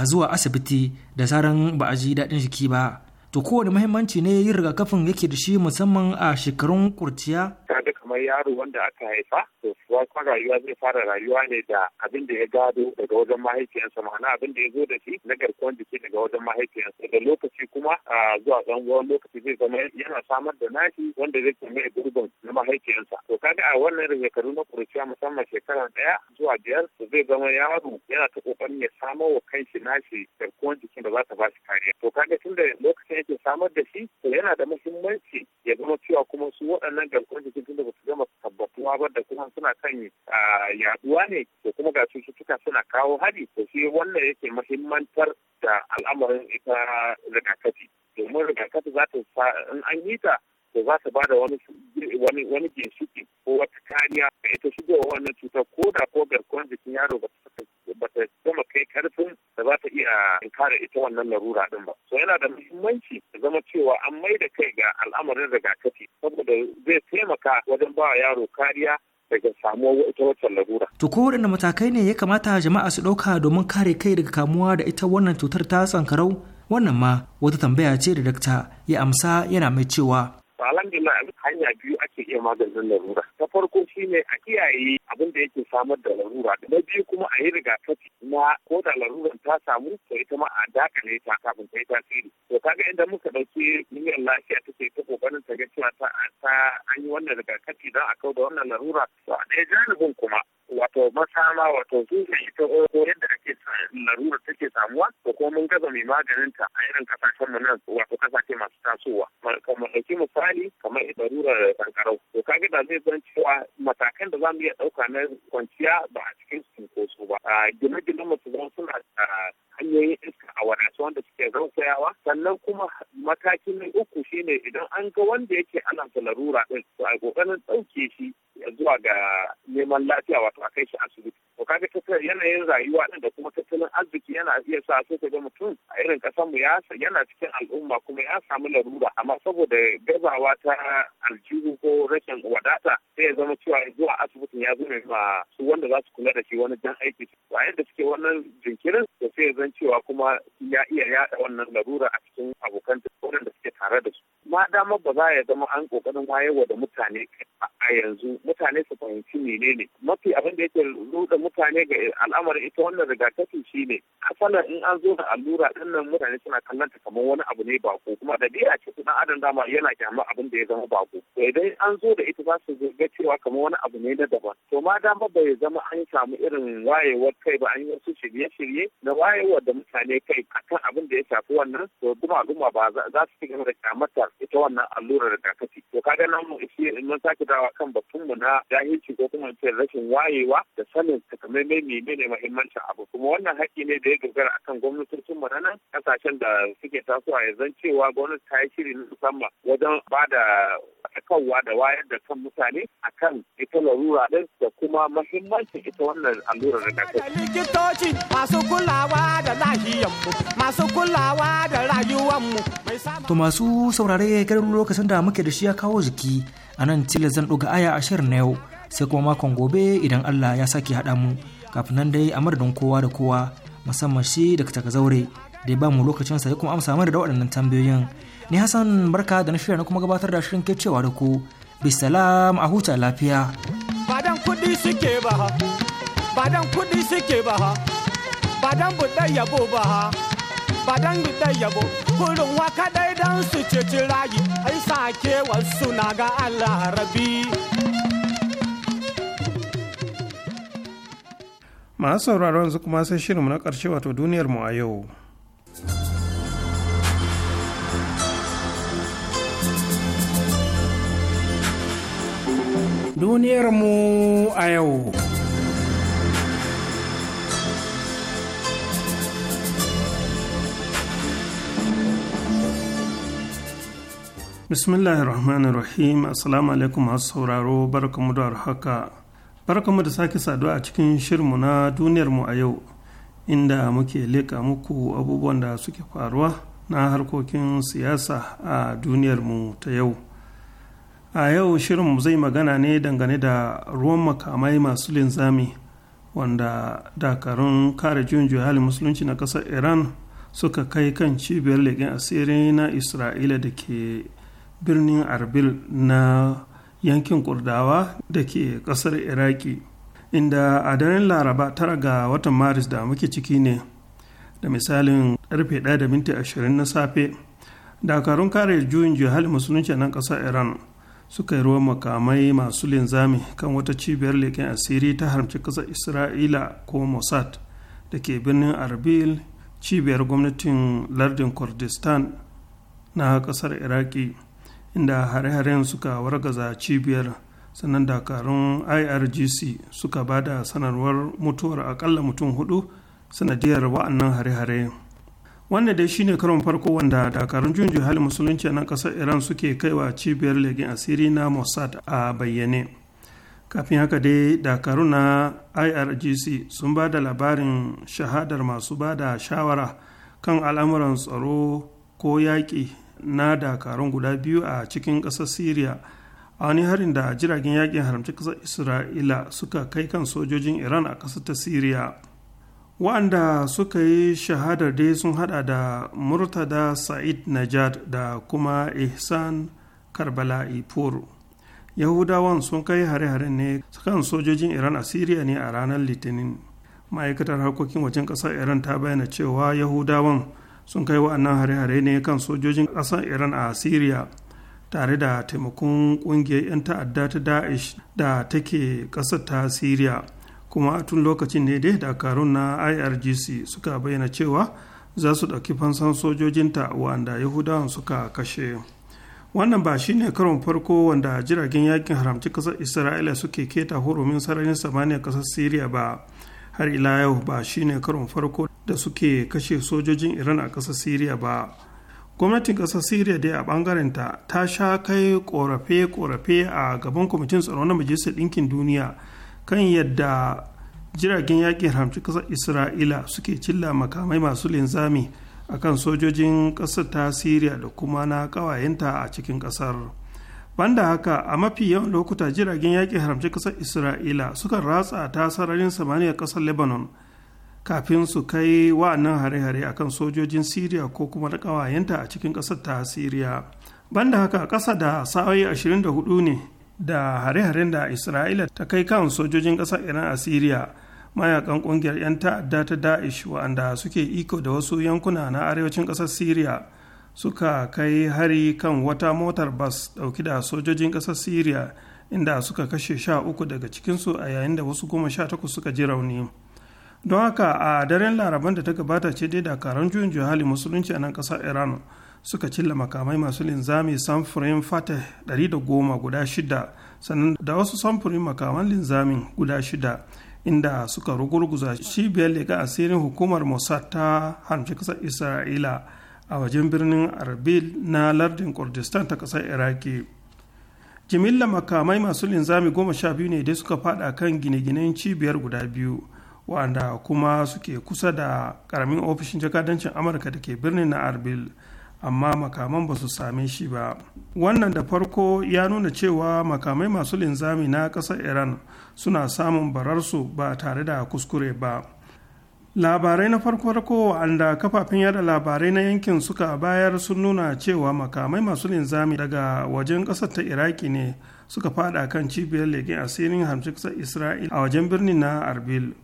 Speaker 5: zuwa asibiti da saran ba a ji daɗin jiki ba to kowane muhimmanci ne yin rigakafin yake da shi musamman a shekarun kurciya
Speaker 9: kaga kamar yaro wanda aka haifa to kuma rayuwa zai fara rayuwa ne da abin da ya gado daga wajen mahaifiyarsa ma'ana abin da ya zo da shi na garkuwar jiki daga wajen mahaifiyarsa da lokaci kuma a zuwa tsawon lokaci zai zama yana samar da nashi wanda zai kuma ya gurbin na mahaifiyarsa to kaga a wannan shekaru na kurciya musamman shekara ɗaya zuwa biyar zai zama yaro yana ta kokarin ya samo wa kanshi nashi garkuwar jikin da za ta ba shi kariya to kaga tun da lokacin yake samar da shi to yana da muhimmanci ya zama cewa kuma su waɗannan garkuwar jikin tunda ba su gama tabbatuwa ba da kuma suna kan yaduwa ne da kuma ga cututtuka suna kawo hari to shi wannan yake muhimmantar da al'amarin ita rigakafi domin rigakafi za ta in an yi ta to za ta bada wani wani wani ginshiki ko wata kariya ita shigowa wannan cutar ko da ko garkuwar jikin yaro ba ta gama kai karfin da za ta iya kare ita wannan larura din ba so yana da muhimmanci da zama cewa an mai da kai ga al'amarin rigakafi saboda zai taimaka wajen ba yaro kariya daga samuwar ita wacce larura.
Speaker 5: To ko waɗanne matakai ne ya kamata jama'a su ɗauka domin kare kai daga kamuwa da ita wannan cutar ta sankarau? Wannan ma wata tambaya ce da dakta ya amsa yana mai cewa
Speaker 9: alhamdulillah hanya biyu ake iya maganin larura ta farko shine a kiyaye abin da yake samar da larura na biyu kuma a yi rigakafi na ko da laruran ta samu to ita ma a dakale ta kafin ta yi tasiri to kaga inda muka dauki miliyan lafiya take ta kokarin ta ga cewa ta an yi wannan rigakafi don a kau da wannan larura to a ɗaya janibin kuma wato masama wato zuwa ita ko yadda ake larura take samuwa ko kuma mun gaza mai maganin ta a irin kasashen mu nan wato kasashe masu tasowa kamar ɗauki misali kamar da sankarau to ka da zai zan cewa matakan da za mu iya ɗauka na kwanciya ba a cikin cinkoso ba gine gine masu zan suna hanyoyin iska a wadace wanda suke rausayawa sannan kuma matakin na uku shine idan an ga wanda yake ana larura ɗin to a kokarin ɗauke shi zuwa ga neman lafiya wato a kai shi asibiti to kaga tattalin yanayin rayuwa din da kuma tattalin arziki yana iya sa sai ka ga mutum a irin kasan mu ya yana cikin al'umma kuma ya samu larura amma saboda gazawa ta aljihu ko rashin wadata sai ya zama cewa zuwa asibitin ya zama ma su wanda za su kula da shi wani jan aiki ba yadda suke wannan jinkirin to sai ya zan cewa kuma ya iya yada wannan larura a cikin abokan da suke tare da su ma dama ba za ya zama an kokarin wayewa da mutane a yanzu mutane su fahimci menene mafi abin da yake ruda mutane ga al'amarin ita wannan rigakafi shine kasanar in an zo da allura ɗin nan mutane suna kallon ta kamar wani abu ne bako kuma biya ce kuma adam dama yana kyamar abin da ya zama bako to idan an zo da ita za su ga cewa kamar wani abu ne na daban to ma dama bai zama an samu irin wayewar kai ba an yi wasu shirye-shirye na wayewar da mutane kai akan abin da ya shafi wannan to duma duma ba za su ci gaba da kyamata ita wannan allurar rigakafi to kaga nan mu mun sake da tattaunawa kan mu na jahilci ko kuma ce rashin wayewa da sanin takamaimai menene mahimmancin abu kuma wannan haƙƙi ne da ya dogara akan gwamnatocin mu na nan kasashen da suke tasowa yanzu cewa gwamnati ta yi shiri na musamman wajen ba da faɗakarwa da wayar da kan mutane akan ita larura ɗin da kuma mahimmancin ita wannan allurar rigakafi. Likitoci masu kulawa da lahiyanmu masu
Speaker 10: kulawa da rayuwanmu. To
Speaker 5: masu saurare garin lokacin da muke da shi ya kawo jiki a nan tilas zan ɗuga aya ashirin na yau sai kuma makon gobe idan Allah ya sake haɗa mu kafin nan dai a madadin kowa da kowa musamman shi daga zaure da ba mu lokacin sa ya kuma amsa mana da waɗannan tambayoyin ni hassan barka da na shirya na kuma gabatar da shirin ke cewa da ku bisalam a huta lafiya badan kudi suke ba ha badan kudi suke ba ha badan buɗe yabo ba ha badan buɗe yabo kurin waka dai dan su ceci rayu ai sake wasu na ga allah rabi
Speaker 2: masu sauraron su kuma sai shirinmu na ƙarshe wato duniyar mu a yau
Speaker 6: Duniyarmu a yau.
Speaker 2: Bismillahirrahmanirrahim Assalamu alaikum masu sauraro barkamu da haka. Barkamu da sake saduwa a cikin shirmu na duniyarmu a yau, inda muke leƙa muku abubuwan da suke faruwa na harkokin siyasa a duniyarmu ta yau. a yau shirinmu zai magana ne dangane da ruwan makamai masu linzami wanda dakarun kare juyin juhali musulunci na ƙasar iran suka kai kan cibiyar leƙen asiri na isra'ila da ke birnin arbil na yankin kurdawa da ke ƙasar iraki inda a daren laraba tara ga watan maris da muke ciki ne da misalin karfe 1 da minti 20 na safe dakarun kare juyin juhali musulunci na ƙasar iran suka yi ruwan makamai masu linzami kan wata cibiyar leƙen asiri ta haramci ƙasar isra'ila ko mossad da ke birnin arbil cibiyar gwamnatin lardin kurdistan na ƙasar iraki inda hare-haren suka wargaza cibiyar sannan dakarun irgc suka ba da sanarwar mutuwar akalla mutum hudu sanadiyar wa'annan hare-hare wannan dai shine karon farko wanda dakarun junju halin musulunci na kasar iran suke kaiwa cibiyar legin asiri na mossad a bayyane kafin haka dai dakaru na irgc sun ba da labarin shahadar masu ba da shawara kan al'amuran tsaro ko yaƙi na dakarun guda biyu a cikin ƙasar syria a wani harin da jiragen yaƙin haramci ƙasar isra'ila suka kai kan sojojin iran a ƙasar ta syria waɗanda suka yi shahadar dai sun haɗa da murtada sa'id najad da kuma ihsan karbala Ipur. yahudawan sun kai hare-hare ne kan sojojin iran a siriya ne a ranar litinin ma'aikatar harkokin wajen ƙasar iran ta bayyana cewa yahudawan sun kai wa'annan hare-hare ne kan sojojin ƙasar iran a siriya tare da taimakon ƙungiyar 'yan ta'adda ta da'ish da take ƙasar ta siriya kuma tun lokacin ne dai dakarun na irgc suka bayyana cewa za su ɗauki fansan sojojinta wanda yahudawan suka kashe wannan ba shine karon farko wanda jiragen yakin haramci ƙasar isra'ila suke keta hurumin sararin samaniya ƙasar syria ba har ila yau ba shine karon farko da suke kashe sojojin iran a ƙasar syria ba gwamnatin ƙasar syria dai a bangaren ta sha kai ƙorafe korafe a gaban kwamitin tsaro na majalisar ɗinkin duniya kan yadda jiragen yaƙin hamci ƙasar isra'ila suke cilla makamai masu linzami a kan sojojin ƙasar ta siriya da kuma na ƙawayenta a cikin ƙasar banda haka a mafi yawan lokuta jiragen yaƙin haramci ƙasar isra'ila sukan ratsa ta sararin samaniya ƙasar lebanon kafin su kai wa'annan hare-hare a kan sojojin siriya ko kuma na ƙawayenta a cikin ƙasar ta siriya banda haka ƙasa da sa'o'i 24 ne da hare-haren da isra'ila ta kai kan sojojin ƙasar iran a syria mayakan ƙungiyar 'yan ta'adda ta da'ish wa'anda suke iko da wasu yankuna na arewacin ƙasar syria suka kai hari kan wata motar bas ɗauki da sojojin ƙasar syria inda suka kashe sha uku daga cikinsu a yayin da wasu goma sha takwas suka ji rauni don haka a daren laraban da ta gabata ce dai da karan juyin juhali musulunci a nan ƙasar iran suka cilla makamai masu linzami samfurin fatah 110 guda shida sannan da wasu samfurin makaman linzamin guda shida inda suka rugurguza cibiyar leƙa asirin hukumar mossad ta harmci kasar isra'ila a wajen birnin arbil na lardin kurdistan ta ƙasar iraki jimillar makamai masu linzami goma sha biyu ne dai suka fada kan gine-ginen cibiyar guda biyu wanda kuma suke kusa da karamin ofishin jakadancin amurka da ke birnin na arbil amma makaman ba su same shi ba wannan da farko ya nuna cewa makamai masu linzami na ƙasar iran suna samun bararsu ba tare da kuskure ba labarai na farko farko wa'anda kafafen yada labarai na yankin suka bayar sun nuna cewa makamai masu linzami daga wajen ƙasar ta iraki ne suka fada kan cibiyar leƙen asirin hamsin ƙasar isra'il a wajen birnin na arbil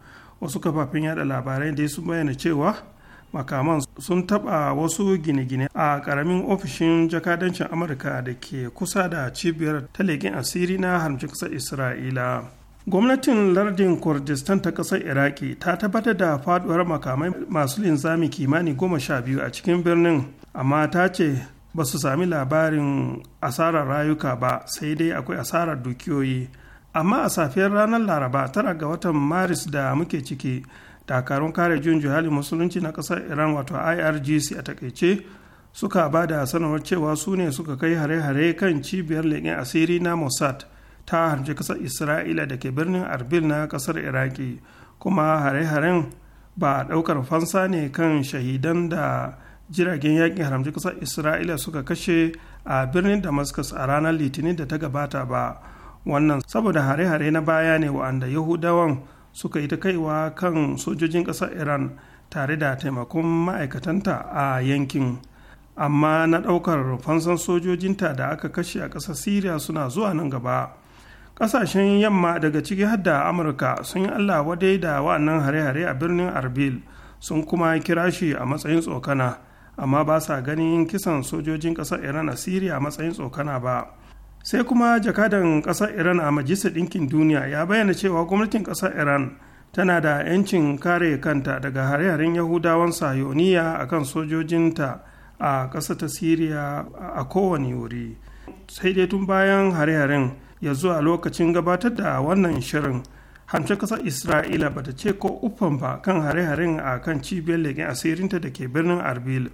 Speaker 2: wasu kafafen yada labarai dai sun bayyana cewa makaman sun taɓa wasu gine-gine a ƙaramin ofishin jakadancin amurka da ke kusa da cibiyar ta leƙen asiri na harmci ƙasar isra'ila gwamnatin lardin kurdistan ta ƙasar iraki ta tabbatar da faduwar makamai masu linzami kimani goma sha biyu a cikin birnin amma ta ce ba su sami labarin asarar rayuka ba sai dai akwai asarar dukiyoyi amma a safiyar ranar laraba tara ga watan maris da muke ciki dakarun kare juyin musulunci na kasar iran wato irgc a takaice suka ba da sanarwar cewa su ne suka kai hare-hare kan cibiyar leƙen asiri na mossad ta harbi kasar isra'ila da ke birnin arbil na kasar iraki kuma hare-haren ba a ɗaukar fansa ne kan shahidan da jiragen yaƙin haramci kasar isra'ila suka kashe a birnin damascus a ranar litinin da ta gabata ba wannan saboda hare-hare na baya ne wa'anda yahudawan suka yi ta kaiwa kan sojojin ƙasar iran tare da taimakon ma'aikatanta a yankin amma na ɗaukar fansan sojojinta da aka kashe a ƙasar syria suna zuwa nan gaba ƙasashen yamma daga ciki har da amurka sun yi allah wadai da wa'annan hare-hare a birnin arbil sun kuma kira shi a matsayin tsokana amma ba sa ganin kisan sojojin ƙasar iran a syria matsayin tsokana ba sai kuma jakadan ƙasar iran a majalisar ɗinkin duniya ya bayyana cewa gwamnatin ƙasar iran tana da 'yancin kare kanta daga hare-haren yahudawan sayoniya a kan sojojinta a ƙasar ta siriya a kowane wuri sai dai tun bayan hare-haren ya zuwa lokacin gabatar da wannan shirin hamshe ƙasar isra'ila bata ce ko uffan ba kan hare-haren a kan cibiyar leƙen asirinta da ke birnin arbil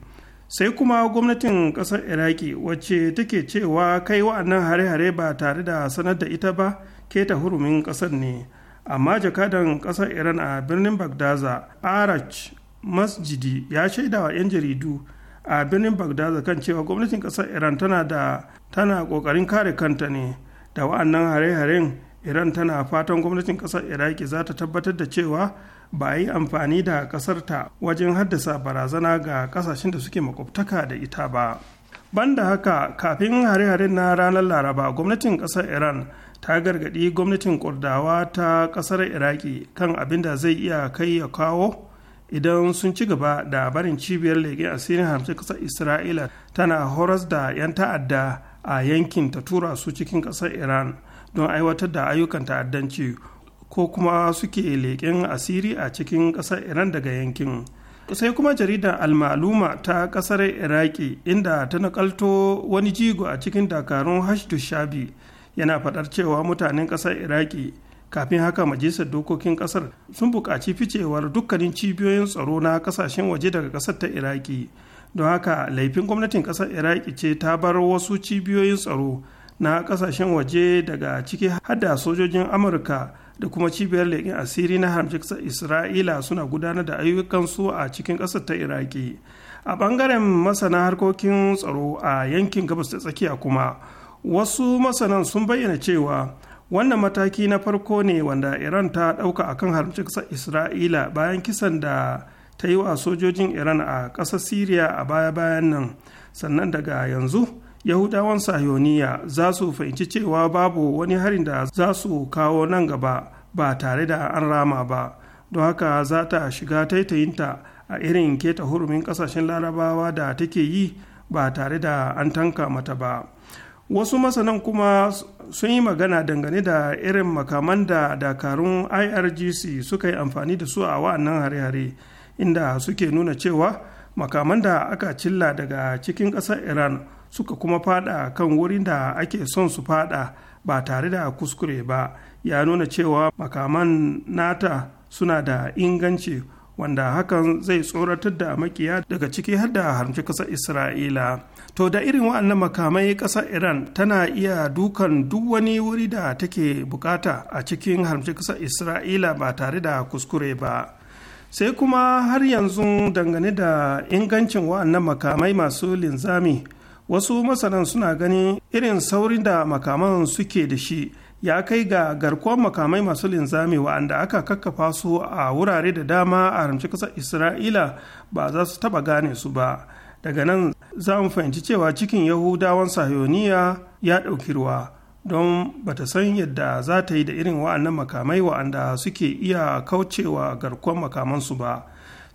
Speaker 2: sai kuma gwamnatin kasar iraki wacce take cewa kai wa'annan hare-hare ba tare da sanar da ita ba ke ta hurumin kasar ne amma jakadan kasar iran a birnin bagdaza arach masjidi ya shaida wa 'yan jaridu a birnin bagdaza kan cewa gwamnatin kasar iran tana da tana kokarin kare kanta ne da wa'annan hare-haren iran tana fatan gwamnatin kasar iraki za ta tabbatar da cewa ba yi amfani da ƙasarta wajen haddasa barazana ga ƙasashen da suke makwabtaka da ita ba banda haka kafin hare-haren na ranar laraba gwamnatin ƙasar iran ta gargaɗi gwamnatin kurdawa ta ƙasar iraki kan abin da zai iya kai ya kawo idan sun ci gaba da barin cibiyar leƙen asirin hamsin ƙasar isra'ila tana horas da 'yan ta'adda a yankin ta tura su cikin ƙasar iran don aiwatar da ayyukan ta'addanci ko kuma suke leƙen asiri a cikin ƙasar iran daga yankin sai kuma jaridar almaluma ta ƙasar iraki inda ta nakalto wani jigo a cikin dakarun hashdu shabi yana faɗar cewa mutanen ƙasar iraki kafin haka majalisar dokokin ƙasar sun buƙaci ficewar dukkanin cibiyoyin tsaro na ƙasashen waje daga ƙasar ta iraki don haka laifin gwamnatin ƙasar iraki ce ta bar wasu cibiyoyin tsaro na ƙasashen waje daga ciki har sojojin amurka da kuma cibiyar leƙen asiri na haramci isra'ila suna gudanar da ayyukansu a cikin ƙasar ta iraki a ɓangaren masana harkokin tsaro a yankin gabas ta tsakiya kuma wasu masanan sun bayyana cewa wannan mataki na farko ne wanda iran ta ɗauka akan haramci ƙasar isra'ila bayan kisan da ta yi wa sojojin iran a ƙasar syria a baya-bayan nan sannan daga yanzu yahudawan sayoniya za su fahimci cewa babu wani harin da za su kawo nan gaba ba tare da an rama ba don haka za ta shiga taitayinta a irin keta hurumin kasashen larabawa da take yi ba tare da an tanka mata ba wasu masanan kuma sun yi magana dangane da irin makaman da dakarun irgc suka yi amfani da su a wa'annan hare-hare inda suke nuna cewa makaman da aka cilla daga cikin ƙasar iran suka kuma fada kan wurin da ake son su fada ba tare da kuskure ba ya nuna cewa makaman nata suna da inganci wanda hakan zai tsoratar da makiya daga ciki har da harci ƙasar isra'ila to da irin wa'annan makamai ƙasar iran tana iya dukan duk wani wuri da take bukata a cikin harci ƙasar isra'ila ba tare da kuskure ba sai kuma har yanzu dangane da ingancin wa'annan makamai masu linzami wasu masanan suna ganin irin saurin da makaman suke da shi ya kai ga garkuwar makamai masu linzami wa'anda aka kakkafa su a wurare da dama a ramci kasar isra'ila ba za su taba gane su ba daga nan za mu fahimci cewa cikin yahudawan sahiyoniya ya ɗauki ruwa don ba ta san yadda za ta yi da irin wa'annan makamai wa'anda suke iya kaucewa garkuwar makamansu ba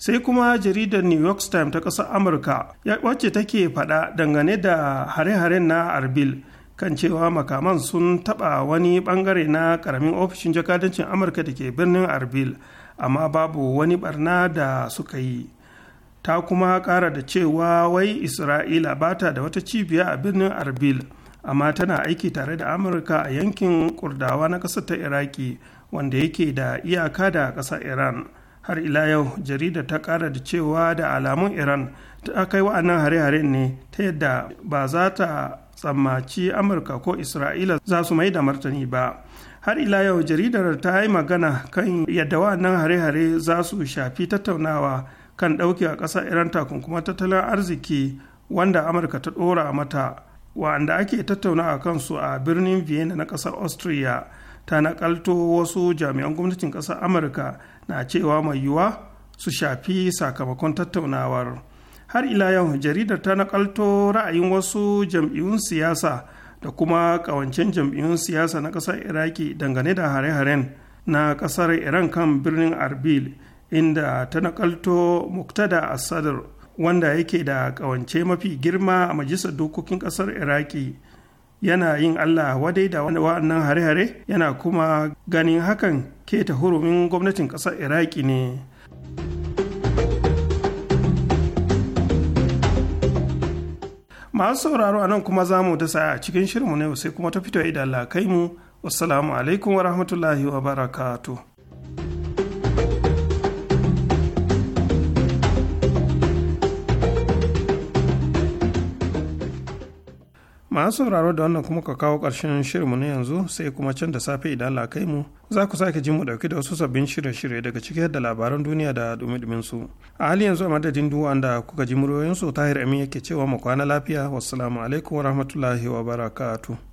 Speaker 2: sai kuma jaridar new york times ta ƙasar amurka wacce take faɗa dangane da hare-haren na arbil kan cewa makaman sun taɓa wani bangare na karamin ofishin jakadancin amurka da ke birnin arbil amma babu wani barna da suka yi ta kuma ƙara da cewa wai isra'ila ba ta da wata cibiya a birnin arbil amma tana aiki tare da amurka a yankin kurdawa na ƙasar ta iraki wanda yake da iyaka da ƙasar iran har ila yau jarida ta kara da cewa da alamun iran ta kai wa'annan hare-hare ne ta yadda ba za ta tsammaci amurka ko isra'ila za su mai da martani ba har ila yau jaridar ta yi magana kan yadda wa'annan hare-hare za su shafi tattaunawa kan ɗauke a ƙasa iran takunkuma tattalin arziki wanda amurka ta ɗora mata wa'anda ake tattauna a kansu a birnin vienna na ƙasar austria ta nakalto wasu jami'an gwamnatin ƙasar amurka na cewa mai yiwuwa su shafi sakamakon tattaunawar har ila yau jaridar ta nakalto ra'ayin wasu jam'iyyun siyasa da kuma ƙawancen jam'iyyun siyasa na ƙasar iraki dangane da hare-haren na ƙasar iran kan birnin arbil inda ta nakalto muktada asadar wanda yake da ƙawance mafi girma a majalisar dokokin ƙasar iraki yana yin Allah wadai da wannan hare-hare yana kuma ganin hakan ke ta hurumin gwamnatin ƙasar Iraki ne. Masu sauraro a nan kuma za mu dasa a cikin shirinmu ne sai kuma ta fito idan Allah kai mu. Wassalamu alaikum wa rahmatullahi wa barakatuh. an sauraro da wannan kuma ka kawo ƙarshen shirinmu na yanzu sai kuma can da safe idan Allah kai mu za ku sake jin mu dauki da wasu sabbin shirye-shirye daga cike da labaran duniya da dumi su. A hali yanzu a madadin duk wanda kuka ji muryoyin su tahir amin yake cewa mu kwana lafiya wassalamu alaikum wa rahmatullahi wa barakatuh.